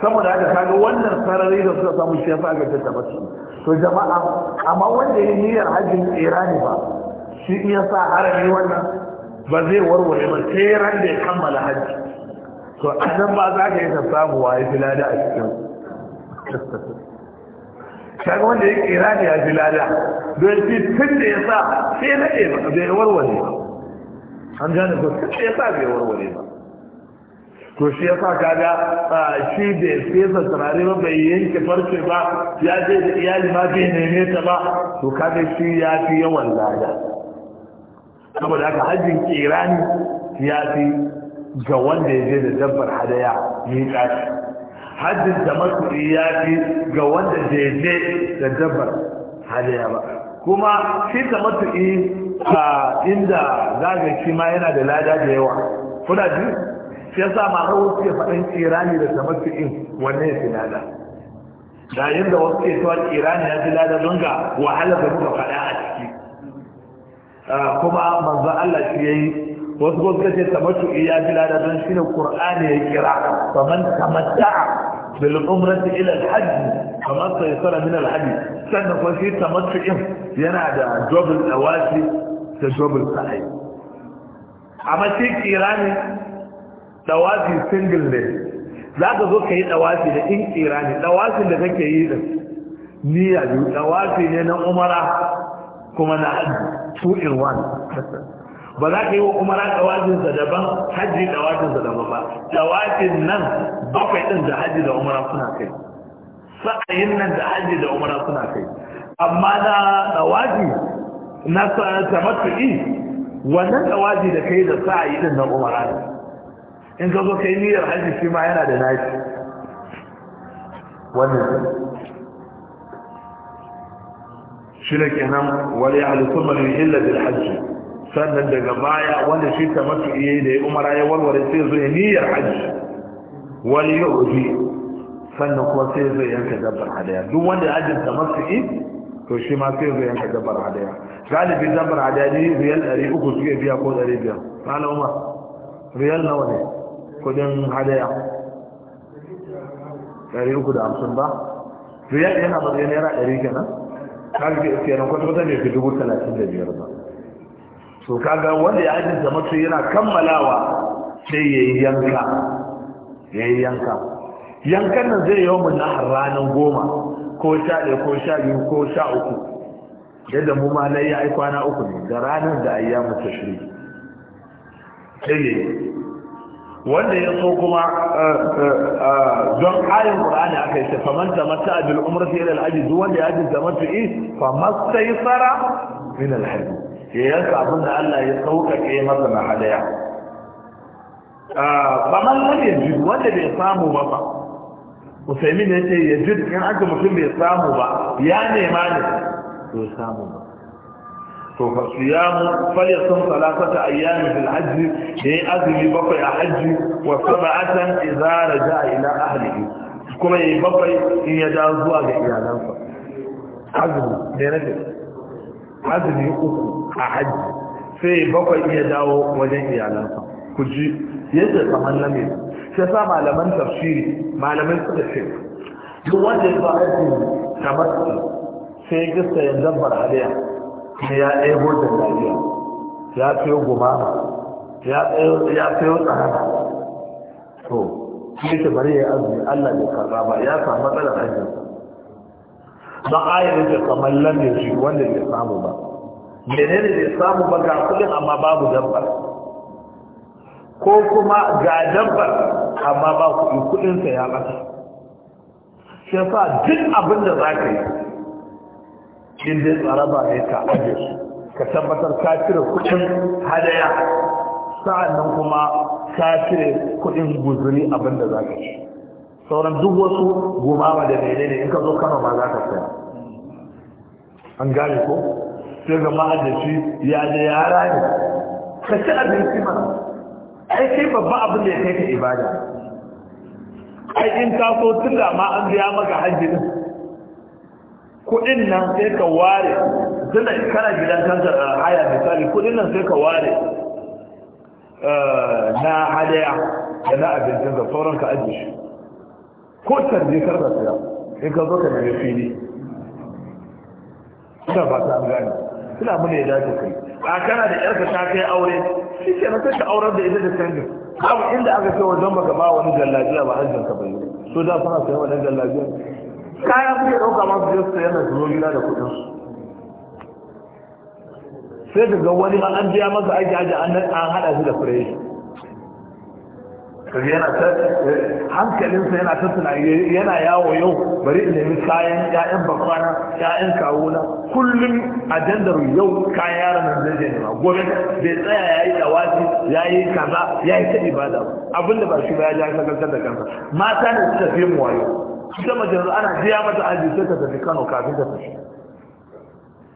A: saboda haka kaga wannan sarari da suka samu shi yasa aka tattaba shi to jama'a amma wanda ya niyyar hajjin irani ba shi in ya sa harami wannan ba zai warware ba sai ran da ya kammala hajji to a nan ba za ka yi ka samu wa ya filada a cikin kaga wanda ya irani ya filada don shi tun da ya sa sai na ɗaya ba bai warware ba an gane ko tun da ya sa bai warware ba to shi sa kaga shi da fesa turare ba bai yanke farce ba ya je da iyali ma bai neme ta ba to kaga shi ya fi yawan lada saboda haka hajjin kirani ya fi ga wanda ya je da dabbar hadaya mai kashi hajjin da masuri ya fi ga wanda ya je da dabbar hadaya ba kuma shi da matu'i a inda zaga shi ma yana da lada da yawa kuna ji shi yasa ma wasu ke faɗin kirani da tamattu'in wanne ya fi lada da yadda wasu ke cewa kirani ya fi lada don ga wahala da muka faɗa a ciki kuma manzon Allah shi yayi wasu wasu kace tamattu'i ya fi lada don shine Qur'ani ya kira faman tamatta'a bil umrati ila al-hajj faman saysara min al-hajj sannan kuma shi tamattu'in yana da double dawasi da double sa'i amma shi kirani dawafi single ne za ka zo ka yi dawafi da in kira ne dawafin da kake yi da niyya biyu dawafi ne na umara kuma na hajji two in one ba za ka yi wa umara dawafinsa daban hajji dawafinsa daban ba dawafin nan bakwai din da hajji da umara suna kai sa'ayin nan da hajji da umara suna kai amma na dawafi na tamattu'i wannan dawafi da kai da sa'ayi din na umara ne in ka zo kai niyyar hajji shi ma yana da nashi wannan shi ne kenan wani halittun mai illa bil hajji sannan daga baya wanda shi ta masu iya da ya umara ya warware sai zo ya niyyar hajji wani ya uji sannan kuma sai zo yanka dabbar hadaya duk wanda ya hajjin ta masu to shi ma sai zo yanka dabbar hadaya galibi dabbar hadaya ne riyal 300 suke biya ko 500 Umar, riyal nawa ne kudin hadaya uku da hamsin ba riyal yana matsayin naira 100 kenan kaga kenan kwata-kwata talatin fi biyar ba to kaga wanda ya ajin zamatu yana kammalawa sai ya yi yanka ya yi yanka yankan nan zai yi mun na ranar goma ko sha ɗaya ko sha biyu ko sha uku yadda mu ma na yi ai kwana uku ne da ranar da ayyamu shiri. sai ya yi wanda ya so kuma eh, eh, eh, don ayin qur'ani aka yi fa man tamatta bil umrati ila al hajj duk wanda ya ji tamattu'i fa mastaysara min al hajj ya yanka abin da Allah ya sauka sauƙaƙe masa na hadaya ba man lam yajid wanda bai samu ba fa Usaimin ya ce yajid in aka mutum bai samu ba ya nema ne to samu ba to fa siyamu falyasum salasata ayyamin fil hajj yi azumi bakwai a hajji wa sab'atan idza raja'a ila ahlihi kuma yayi bakwai in ya dawo zuwa ga iyalansa azumi da rage azumi uku a hajji sai bakwai in ya dawo wajen iyalansa ku ji yadda kamar lamin sai sa malaman tafsiri malaman suka ce duk wanda ya fara azumi kamar sai ya gista ya bar hadiya ne ya ɗebo da dariya ya sayo gumama ya sayo tsanana to shi ta bari ya azumi allah bai karɓa ba ya samu matsalar hajji ba a yi rike kamar lamme shi wanda bai samu ba menene bai samu ba ga kudin amma babu dabbar ko kuma ga dabbar amma ba kuɗi kuɗinsa ya ɓata shi yasa duk abin da za ka yi in dai tsaraba ne ka ajiye, shi ka tabbatar ka cire kudin hadaya nan kuma ka cire kudin guzuri abinda za ka ci sauran duk wasu gumama da ne in ka zo kano ma za ka saya an gane ko sai ga ma'ajaci ya da ya rani ka ci abinci mana ai kai babba abin da ya kai ka ibada ai in ka so tun da ma an biya maka hajji din kudin nan sai ka ware tunda kana gidan kansa eh, haya misali kudin nan sai ka ware eh, na hadaya da na abincin da sauran ka ajiye shi ko tarbi karka siya in ka zo ka nemi fili ina ba ta gani ina mun ya dace kai a kana da yarka ta kai aure shi ke na sai ka aurar da ita da canjin abu inda aka ce wajen baka ba wani jallabiya ba hajjin ka bai so da fara sai wani jallabiya kayan sai ɗauka masu je su yana zuwa gida da kudin sai daga wani an biya masa aiki aji an haɗa shi da fure kaga yana ta hankalinsa yana ta tunaye yana yawo yau bari in nemi kayan ƴaƴan bakwana 'ya'yan kawuna kullum ajandar yau kayan yaran nan zai je nema gobe bai tsaya ya yayi dawati yi kaza ya yi ta ibada abinda ba shi ba ya ja kanka da kansa mata ne suka fi mu wayo ita mace yanzu ana jiya mata aji sai ta tafi kano kafin ta tafi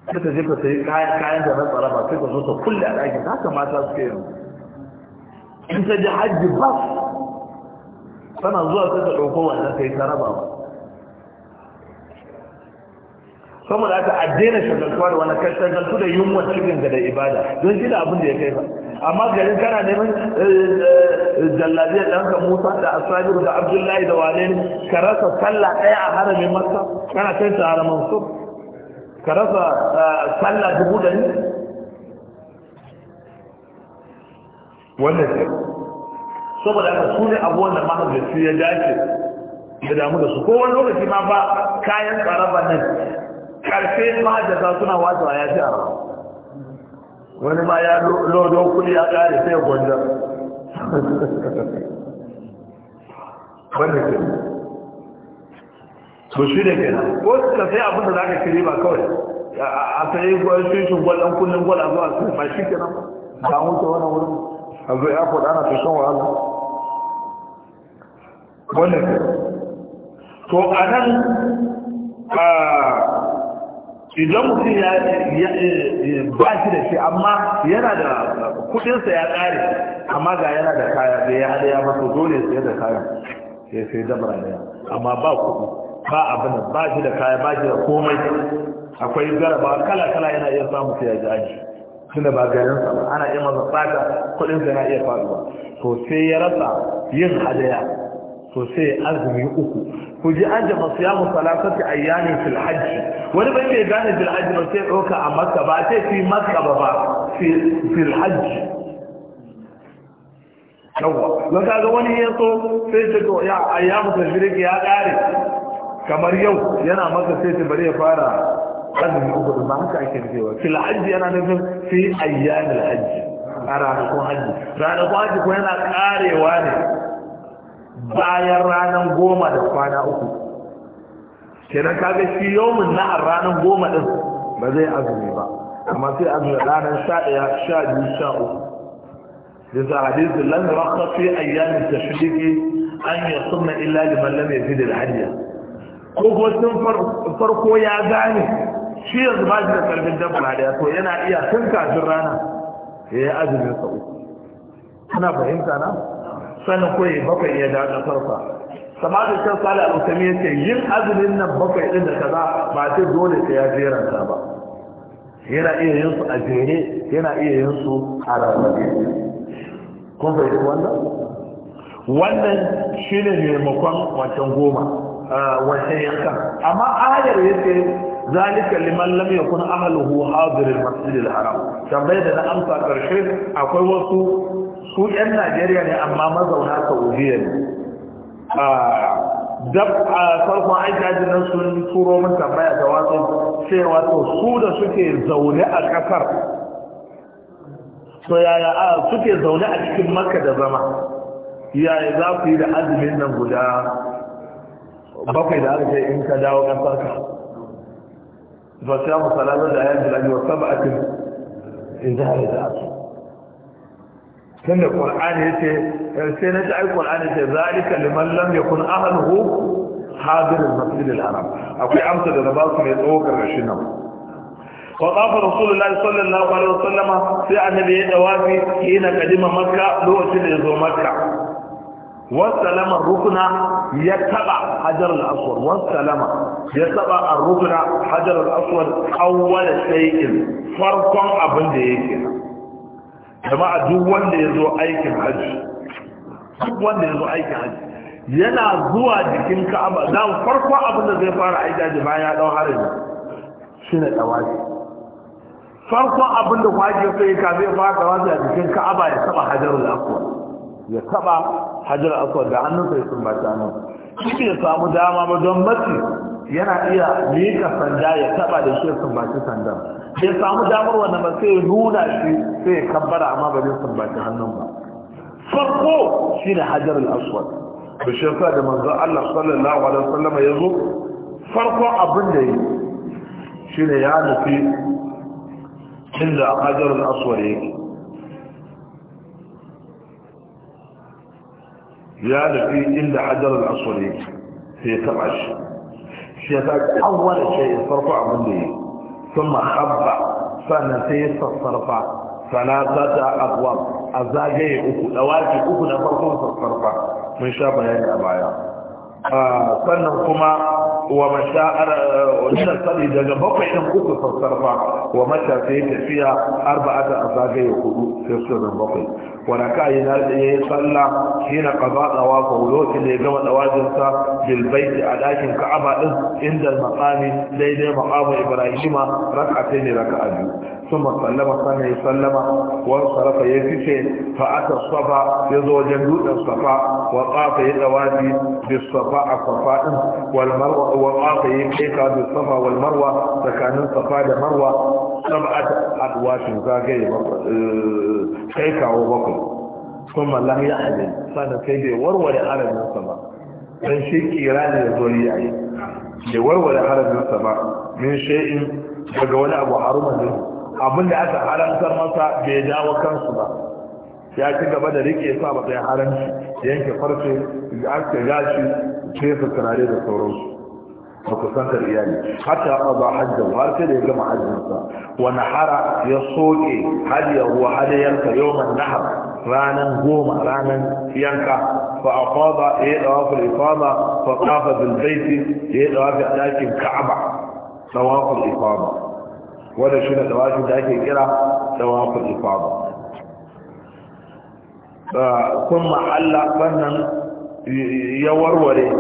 A: sai ta je ka sayi kayan da na tsara ba sai ka zo ta kulle a ɗakin haka mata suke yi in ta je hajji ba tana zuwa sai ta ɗauko wannan sai ta raba ba saboda aka addina shagaltuwa da wani shagaltu da yunwa cikin ga da ibada don shi da abin da ya kai ba amma garin kana neman eh, eh, jallabiyar ɗanka musa da asabiru da abdullahi da wane ka rasa sallah ɗaya a haramin masa kana kai ta haramin su ka rasa eh, sallah dubu ɗari wannan ce saboda aka su ne abubuwan da mahajjaci ya dace ya damu da su ko wani lokaci ma ba kayan tsaraba ne. karfe mahajjata suna wata ya fi a rawa wani ma ya lodo kuli ya kare sai gwanda wanda ke to shi da ke nan ko suka sai abinda za ka kiri ba kawai a sai shishin gwallon kullum a zuwa su ba shi ke nan ba ta wani wurin a zo ya faɗa na tushen wahala wanda ke to a nan idan mutum ya ba shi da shi amma yana da kudinsa ya kare amma ga yana da kaya da ya hada ya maso dole sai da kaya ya sai dabara da amma ba kudu ba abin ba shi da kaya ba shi da komai akwai garaba kala kala yana iya samu sai ya jaji tunda ba garin sa ana iya masa tsaka kudin sa yana iya faruwa to sai ya rasa yin hadaya to sai azumi uku ku ji aje masu ya mu salafati ayyani fil hajji wani bai bai gane fil hajji ba sai ɗauka a makka ba sai fi makka ba ba fil hajji yawa don kaga wani ya so sai ce to ya ayyamu tashrik ya ƙare kamar yau yana maka sai ta bari ya fara azumi uku ba haka ake cewa fil hajji yana nufin fi ayyanil hajji a ranakun hajji ranakun hajji ko yana ƙarewa ne bayan ranar goma da kwana uku kenan kaga shi yawmin na ranar goma din ba zai azumi ba amma sai azumi ranar sha ɗaya sha biyu sha uku bisa hadisi lan rakha fi ayyamin ta tashriqi an yasumma illa liman lam yazid al-hadiya ko ko tun farko ya gane shi yanzu ba shi da kalbin dabbar hadiya to yana iya tun kafin rana ya yi azumin sa uku Kana fahimta na sanin koyi bakwai iya da ƙasarsa sama da shan sale a ya yake yin azumin nan bakwai ɗin da za ba ta dole ta ya jeranta ba yana iya yin su a jere yana iya yin su a rarrabe kun fahimci wannan wannan shi ne maimakon wancan goma wancan yankan amma ayar yake ce zalika liman lam yakun ahluhu hadir al-masjid al-haram tambayar da na amsa karshe akwai wasu su 'yan najeriya ne amma mazauna saudiya ne dab a farkon aikajin nan sun turo min tambaya ta wasu sai wato su da suke zaune a ƙasar, so yaya a suke zaune a cikin maka da zama yaya za ku yi da azumin nan guda bakwai da aka ce in ka dawo kasar ka ba sai mu salatu da ayyan da wa zahar da raja'a tun da ƙwar'ani ya ce sai na ji ai ƙwar'ani ce zalika liman lam yakun ahluhu hadirin masjidil haram akwai amsa da na ba su mai tsawo karkashin nan وقاف رسول الله صلى الله عليه وسلم في النبي دوافي حين قدم مكة لو سيد مكة والسلام الركن يتبع حجر الأسود والسلام يتبع الركن حجر الأسود أول شيء فرقا أبن ديكنا jama'a duk wanda ya zo aikin hajji duk wanda ya zo aikin hajji yana zuwa jikin ka'aba dan farko abin da zai fara aida da bayan ya dau harami shine tawafi farko abin da kwaje sai ka zai fara tawafi a jikin ka'aba ya saba hajarul aswad ya saba hajarul aswad da hannunsa ya sumbata nan shi ne samu dama ba don mace? yana iya miƙa sanda ya taba da shi sumbaci sandan sai samu damar wannan ba sai nuna shi sai kabbara amma ba zai sumbaci hannun ba farko shi da hajar al-aswad da shi da manzo Allah sallallahu alaihi wasallam ya zo farko abin da yi ne ya nufi inda hajar al-aswad yake ya nufi inda hajar al-aswad yake sai ya taɓa shi shi ya sa awwal shay farko abin da yi sun khabba sannan sai ya sassarfa salasata abwab a zagaye uku dawaki uku na farkon sassarfa mun sha bayani a baya sannan kuma wa masha'ar wannan sani daga bakwai ɗin uku sassarfa wa mata sai tafiya arba'ata a zagaye hudu sai su bakwai waraka ya yi tsalla shi na ƙaba tsawa ko lokacin ki ya gama tsawajinsa bilbaiti a ɗakin ka'aba ɗin inda maƙami daidai maƙamun ibrahima raka ta ne raka a biyu sun masallama sannan sallama wani ya fice fa'atar safa ya zo wajen dutsen safa wa tsafa ya tsawaji bi safa a safa ɗin wa tsafa ya keka bi safa wal marwa tsakanin safa da marwa sab'at adwatin zagaye kai kawo baku kuma lam ya'lam sanan kai bai warware arabin sa ba dan shi kira ne zo yi ayi bai warware arabin sa ba min shay'in daga wani abu haruman ne abin da aka haramtar masa bai dawo kansu ba ya ci gaba da rike sa ba sai haramci yanke farce aka gashi sai su turare da sauransu makusantar iyali hatta qada hajjan har sai da ya gama hajjinsa wa nahara ya soke har ya ruwa har yanka yawman nahar ranan goma ranan yanka fa afada ya dawa fil ifada fa qafa bil bayt ya dawa fi dakin ka'aba dawaful ifada wanda shi ne dawafin da ake kira dawaful ifada kuma Allah sannan ya warware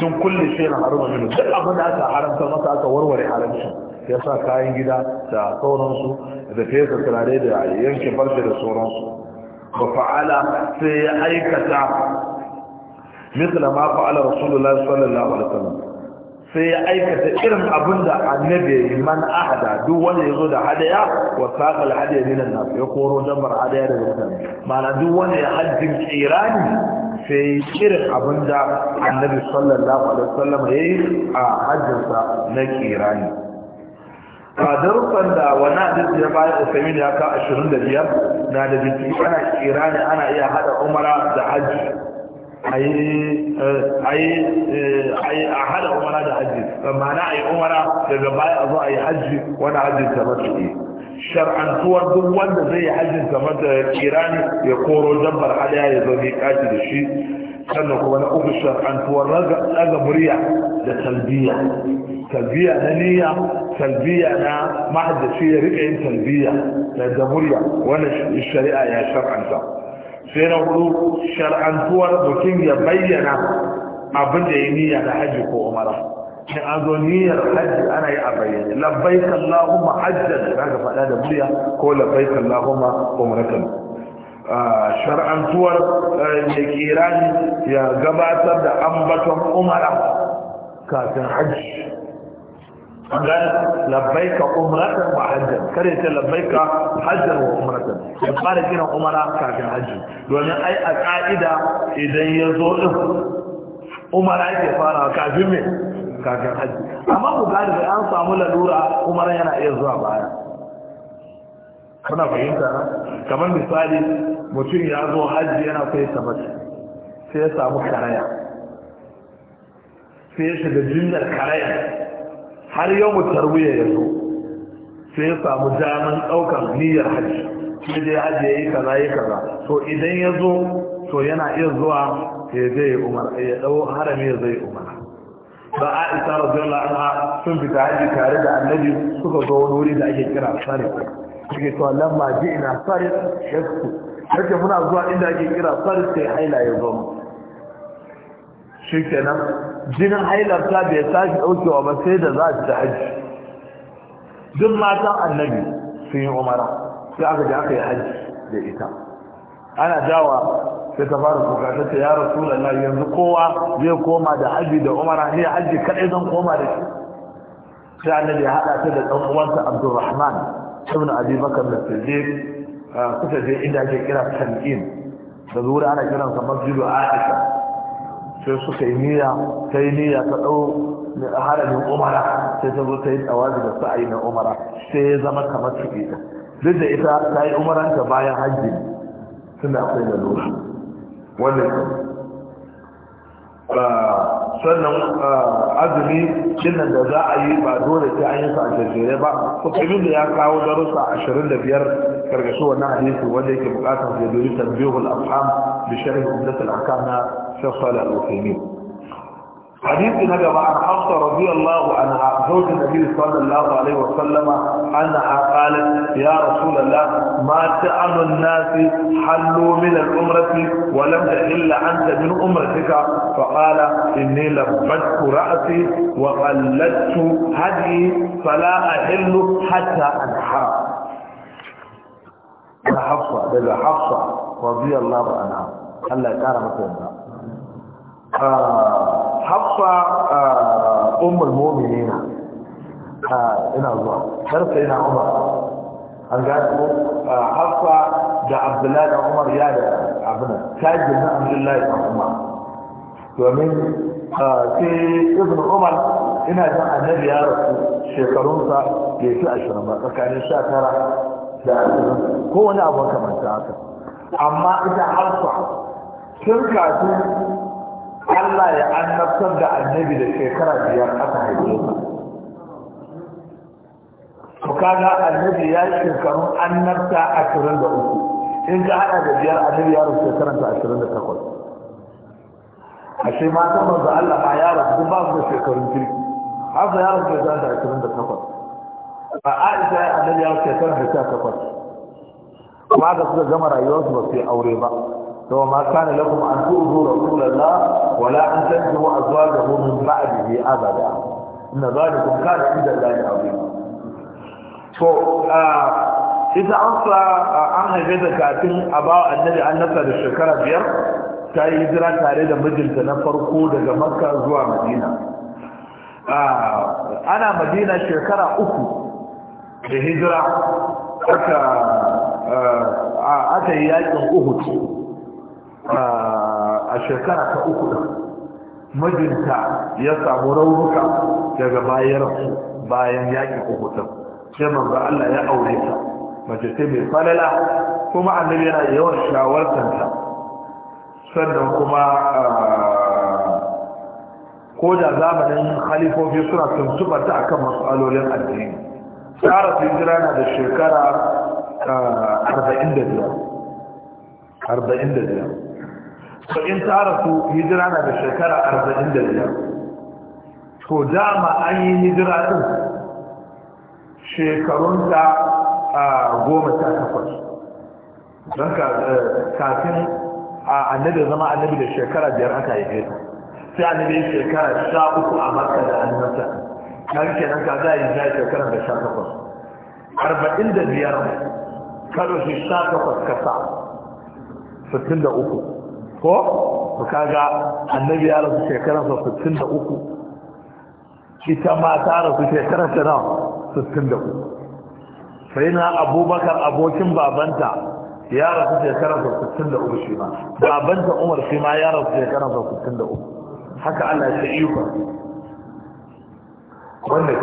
A: sun kulle shi na harba minu duk abin da aka haramta masa aka warware haramci ya sa kayan gida da sauransu da fesa turare da yanke farce da sauransu ba fa'ala sai ya aikata misla ma fa'ala rasulullahi sallallahu alaihi wasallam sai ya aikata irin abin da annabi man ahada duk wanda ya zo da hadaya wa saqal hadaya minan nas ya koro damar hadaya daga mutane ma'ana duk wanda ya hajjin kirani sai irin abin da annabi sallallahu alaihi wasallam ya yi a hajjinsa na kirani a darussan da wani hadisi ya bayar usaimin ya ka 25 na da biki ana kirani ana iya hada umara da hajji a hada umara da hajji ma'ana a yi umara daga baya a zo a yi hajji wani hajji ta mace shar'antuwar duk wanda zai yi hajjin sama da kirani ya koro dabbar hadaya ya zo mai kaci da shi sannan kuma na uku shar'antuwar raga murya da talbiya talbiya na niyya talbiya na mahaddaci ya rika yin talbiya da murya wanda shari'a ya shar'anta sai na hudu shar'antuwar mutum ya bayyana abin da ya niyya na hajji ko umara ke azoniyar hajji ana yi a bayyane labbaik Allahumma hajjan za ka faɗa da murya ko labbaik ma umratan shar'antuwar eh, mai kirani ya gabatar da ambaton umara kafin hajji قال لبيك عمرة وحجا كريت لبيك حجا وعمرة قال كنا عمرة كافي حج لأن أي أقائدة إذا يزور ke كفارة kafin من kakan haji amma ku gane da an samu lalura ran yana iya zuwa baya kana fahimta na kamar misali mutum ya zo haji yana kai tabbata sai ya samu karaya sai ya shiga jinnar karaya har yau mu tarwiya ya zo sai ya samu daman ɗaukar niyyar haji sai dai haji ya yi kaza ya kaza to idan ya zo to yana iya zuwa ya zai umar ya dau harami ya zai umar da Aisha radiyallahu anha sun fita haji tare da Annabi suka zo wani wuri da ake kira Sariq suke to lamma ji'na yasku yake muna zuwa inda ake kira sai haila ya zo shikenan jinin hailar ta bai tashi daukewa ba sai da za ta haji duk matan Annabi sun yi umara sai aka je aka yi haji da ita ana jawa sai ta fara kuka ta rasu da rasulullah yanzu kowa zai koma da haji da umara ne haji kadai zan koma da shi sai annabi ya hada ta da dan uwanta abdurrahman ibn abi bakr da siddiq suka je inda ake kira tanqin da zuwa ana kiransa masjidu aisha sai suka yi niyya sai niyya ta dau haramin umara sai ta zo ta yi tsawazi da sa'ayi na umara sai ya zama kamar su ita duk da ita ta yi umaranta bayan hajji tunda akwai lalura wannan ah, sannan ah, azumi dinnan da za a yi ba dole sai an yi sa a shirye ba kusurin da ya kawo darussa ashirin da biyar karkashin wannan hadisi wanda yake bukatar da dori tambihul afham da sharhi umdatul akam na shafa al-uthaymin حديث النبي عن حفصة رضي الله عنها زوج النبي صلى الله عليه وسلم أنها قالت يا رسول الله ما تعم الناس حلوا من الأمرة ولم تحل أنت من أمرتك فقال إني لبدت رأسي وقلدت هدي فلا أحل حتى أنحر أنا حفصة بل حفصة رضي الله عنها الله يكرمك آه حفصه آه، ام المؤمنين ان آه، الله حرص الى عمر ان جاءوا آه، حفصه عبد الله بن عمر يا ابنا تاج عبد الله بن عمر ومن في ابن عمر ان جاء النبي يا رسول شكرون كيف اشرا ما كان شاكرا هو ابو كما انت اما اذا حفصه شركه Allah ya annabtar da annabi da shekara biyar aka haife sa to kaga annabi ya yi shekarun annabta ashirin da uku in ka haɗa da biyar annabi ya rasu shekaran ta ashirin da takwas ashe mata manzo Allah ma ya rasu ba su da shekarun kirki haka ya rasu shekaran ta ashirin da takwas a Aisha ya annabi ya rasu shekaran da sha takwas kuma su suka gama rayuwarsu ba su yi aure ba وما كان لكم أن تؤذوا رسول الله ولا أن تنزوا أزواجه من بعده أبدا إن ذلكم كان عند الله عظيما to ita an an haife ta kafin a ba annabi annasa da shekara biyar ta yi hijira tare da mijinta na farko daga maka zuwa madina ana madina shekara uku da hijira aka yi yakin uhud a shekara ta uku da mijinta ya samu raunuka daga bayan su bayan yaƙi uhudin sai manzo Allah ya aure ta mace ce mai falala kuma annabi yana yawan ta, sannan kuma ko da zamanin khalifofi suna tuntubarta akan matsalolin addini tsara jira na da shekara 45 to in ta rasu hijira na da shekara arba'in da biyar to dama an yi hijira ɗin shekarunta a goma ta takwas don eh, kafin annabi zama annabi da shekara biyar aka yi sai annabi shekara sha uku a maka da annabta kan kenan ka za a yi shekara da sha takwas arba'in da biyar karo shi sha takwas kasa sittin da uku ko to ga annabi ya rasu shekarar sa 63 ita ma ta rasu shekarar ta nan 63 sai na abubakar abokin babanta ya rasu shekarar sa 63 shi ma babanta umar shi ma ya rasu shekarar sa 63 haka Allah ya yi ku wannan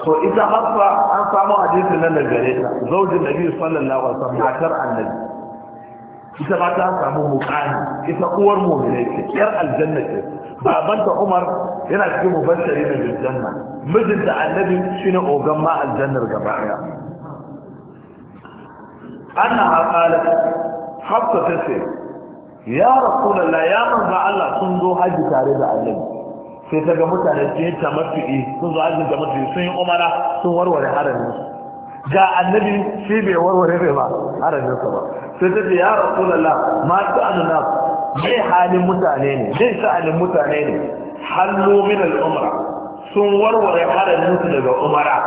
A: to ita hafsa an samu hadisi nan da gare ta zaujin nabi sallallahu alaihi wasallam matar annabi ita ba ta samu mukani ita uwar mu mu'minai ce yar aljanna ce babanta Umar yana cikin mubashiri na aljanna mijinta annabi shine ogan ma aljannar gaba daya anna qalat hafsa ce ya rasulullah ya manzo Allah sun zo haji tare da annabi sai ta ga mutane sun yi tamattu'i sun zo hajjin tamattu'i sun yi umara sun warware haramin ga annabi shi bai warware bai ba haramin sa ba sai ta ce ya rasulallah ma su anuna mai halin mutane ne zai sa'anin mutane ne hannu min al'umra sun warware haramin su daga umara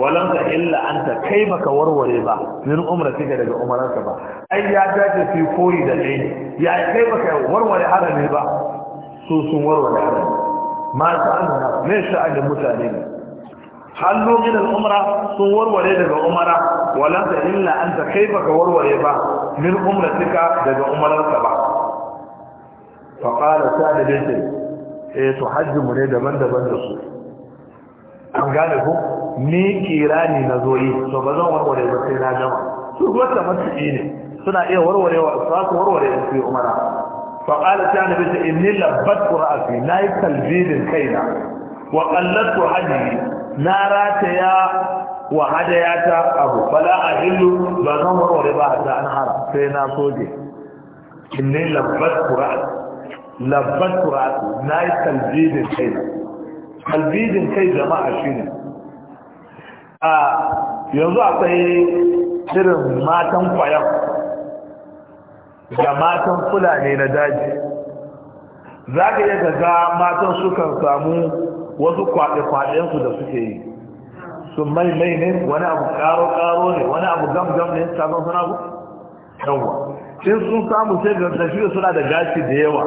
A: walam ka illa anta kai baka warware ba min umra kika daga umararka ba ai ya dace fi koyi da ɗaya ya kai baka warware harami ba su sun warware harami ma sa'anuna mai sha'anin mutane ne hallo min al sun warware daga umara walan ta illa anta kaifa ka warware ba min umratika daga umararka ba fa qala sa'd bin eh to hajji mu ne daban-daban da su an gane ko ni kirani na zo yi to ba zan warware ba sai na gama su kuma ta ne suna iya warwarewa su su warware su umara fa qala sa'd bin inni labbat ra'si na yi talbidin kaina wa qallattu hajji na rataya wa hadayata abu fala a illu ba zan warware ba hatta an hara sai na soje inni labbat qur'an labbat qur'an na yi talbidin kai talbidin kai jama'a shine a yanzu akwai irin matan kwayan da matan fulani na daji za ka iya ga matan sukan samu wasu kwaɗe-kwaɗensu da suke yi su mai mai ne wani abu ƙaro-ƙaro ne wani abu gam-gam ne sabon suna ku yawa in sun samu sai da tafiya suna da gashi da yawa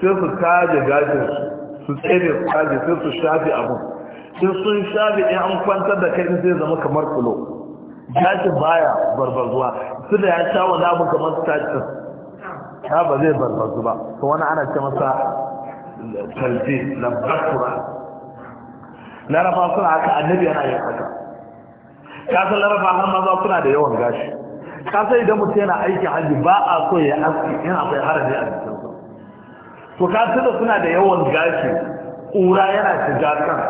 A: sai su kaje gashin su tsere su kaje sai su shafi abu in sun shafi in an kwantar da kai sai zama kamar kulo gashin baya barbazuwa su da ya shawo wani abu kamar statin ta ba zai barbazu ba to wani ana ce masa eh, tarji lambar
B: Larafa suna haka annabi yana yin haka
A: kasan larafa har maza suna da yawan gashi kasan idan mutum yana aiki hajji ba a so ya aski in akwai harami a jikinsa to kasan da suna da yawan gashi ƙura yana shiga kan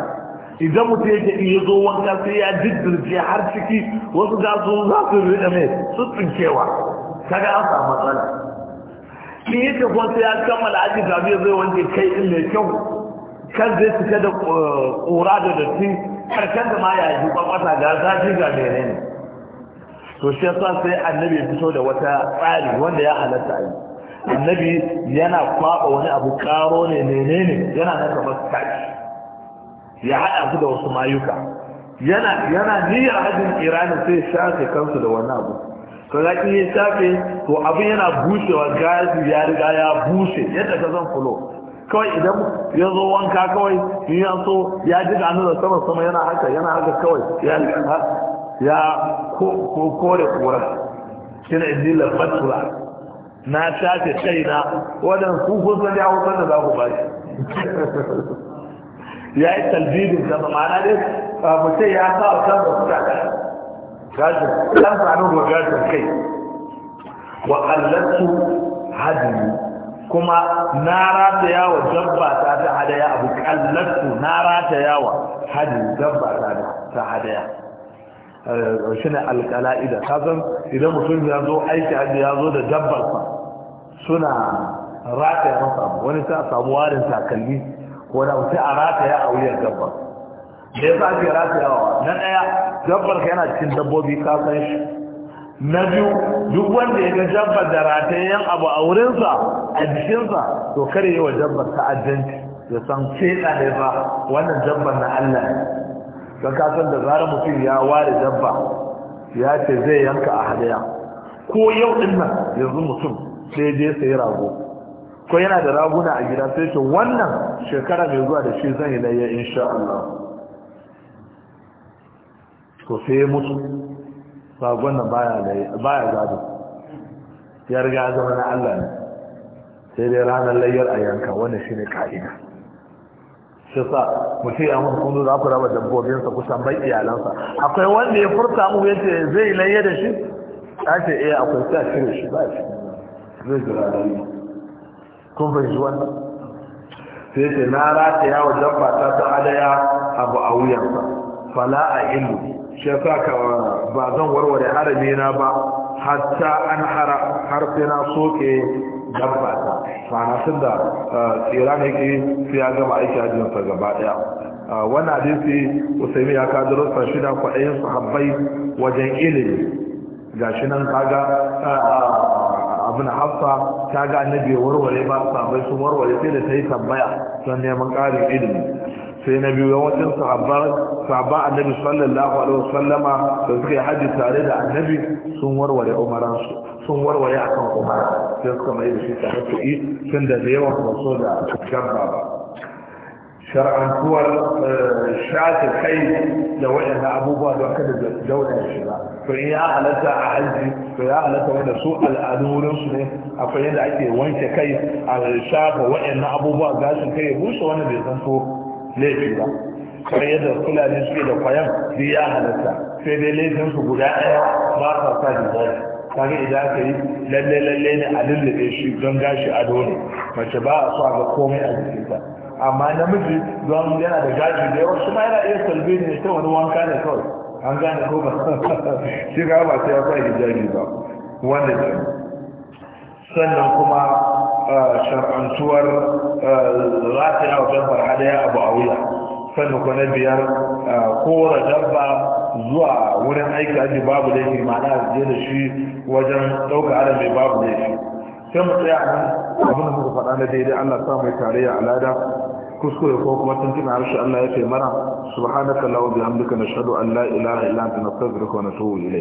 A: idan mutum yake iya zo wanka sai ya jiddirce har ciki wasu su za su rida mai su tsinkewa kaga an samu matsala in yi tafiya sai ya kammala aji tafiya zai wanke kai in mai kyau kan zai suke da eh, ƙura da datti karkar da ma ya yi kwakwata ga zafi ga mene ne to shi yasa sai annabi ya fito da wata tsari wanda ya halatta yi annabi yana kwaɓa wani abu karo ne mene ne yana nan kamar kaki ya haɗa su da wasu mayuka yana yana niyyar hajjin iranin sai ya shafe kansu da wani abu to za ki yi shafe to abin yana bushewa gazi ya riga ya bushe yadda ka zan fulo kawai idan ya zo wanka kawai ya so ya ji gani da sama sama yana haka yana haka kawai ya ya ko kore kura kina ne indi lafatura na shafe na wadan ku kun san ya hukar da za ku ba ya yi talbibin da ma'ana dai mutum ya sa a kan da kuka gashi kan sanin gashin kai wa kallatu hadini kuma na rataya wa dabba ta ta hadaya abu kallatu na rataya wa hadu dabba ta ta hadaya eh, shi ne alƙala'ida ta zan idan mutum ya zo aiki hajji ya zo da dabbarsa suna rataya masa abu wani ta samu warin takalmi ko da mutum a rataya a wuyar dabbar da ya sa ake rataya wa na ɗaya dabbar ka yana cikin dabbobi ka san shi na biyu duk wanda ya ga jabbar da ratayen abu a wurinsa a jikinsa to kare yi wa jabbar ta'addanci ya san fesa ne ba wannan jabbar na Allah ne don kasan da zarar mutum ya ware jabba ya ce zai yanka a hadaya ko yau din nan yanzu mutum sai je sai rago ko yana da raguna a gida sai ce wannan shekara mai zuwa da shi zan yi layya insha Allah ko sai mutu sagon da baya gado ya riga zama na Allah ne sai dai ranar layyar a yanka wanda shi ne ka'ida shi sa mutum ya mutu kunu za ku raba dabbobinsa kusan bai iyalansa akwai wanda ya furta mu ya ce zai layya da shi ta ce eh akwai sa shirya shi ba shi zai jira da yi kun fahimci wannan sai ce na rataya wa dabba ta ta adaya abu a wuyansa fala a ilu shi ya sa ba zan warware harami na ba hatta an hara na soke dabba ta fana sun da eh, tsira ne ke su ya gama aiki ajiyarsa gaba daya eh, wannan adisi usaimi ya kawo darussa shida kwaɗayin su habbai wajen ilimi shi nan kaga abin eh, hafsa ta ga annabi warware ba sabai sun warware sai da ta yi tambaya don neman ƙarin ilimi sai na biyu yawancin sahabbar sahabba annabi sallallahu alaihi wasallama da suka yi haji tare da annabi sun warware umaran su sun warware akan umara sai suka mai da shi tare da yi tun da da yawan kwaso da shabba ba shar'antuwar shafi kai da waɗanda abubuwa da aka da daular shi ba to in ya halatta a hajji to ya halatta wanda su al'adun wurin su ne akwai yadda ake wanke kai a shafa waɗannan abubuwa gashin kai ya bushe wanda bai san ko laifi ba kamar yadda fulani suke da kwayan duk ya halatta sai dai laifin su guda ɗaya ba sa sa da kaga idan aka yi lalle lalle ne a lullube shi don gashi ado ne mace ba a so a ga komai a jikinta amma namiji don yana da gashi da yawa shi yana iya salbe ne ta wani wanka ne kawai an gane ko ba shi ga ba sai ya sa hijabi ba wannan sannan kuma shar'antuwar rataya eh, wa dabbar hadaya abu a wuya sannan ko na biyar eh, dabba zuwa wurin aiki aji babu laifi ma'ana je da shi wajen ɗauka adam mai babu laifi sai mu tsaya nan abin da muka faɗa na daidai Allah sa mai tarayya a lada kuskure ko kuma tuntuna harshe Allah ya ce mara subhanaka allahumma bihamdika nashhadu an la ilaha illa anta nastaghfiruka wa natubu ilayk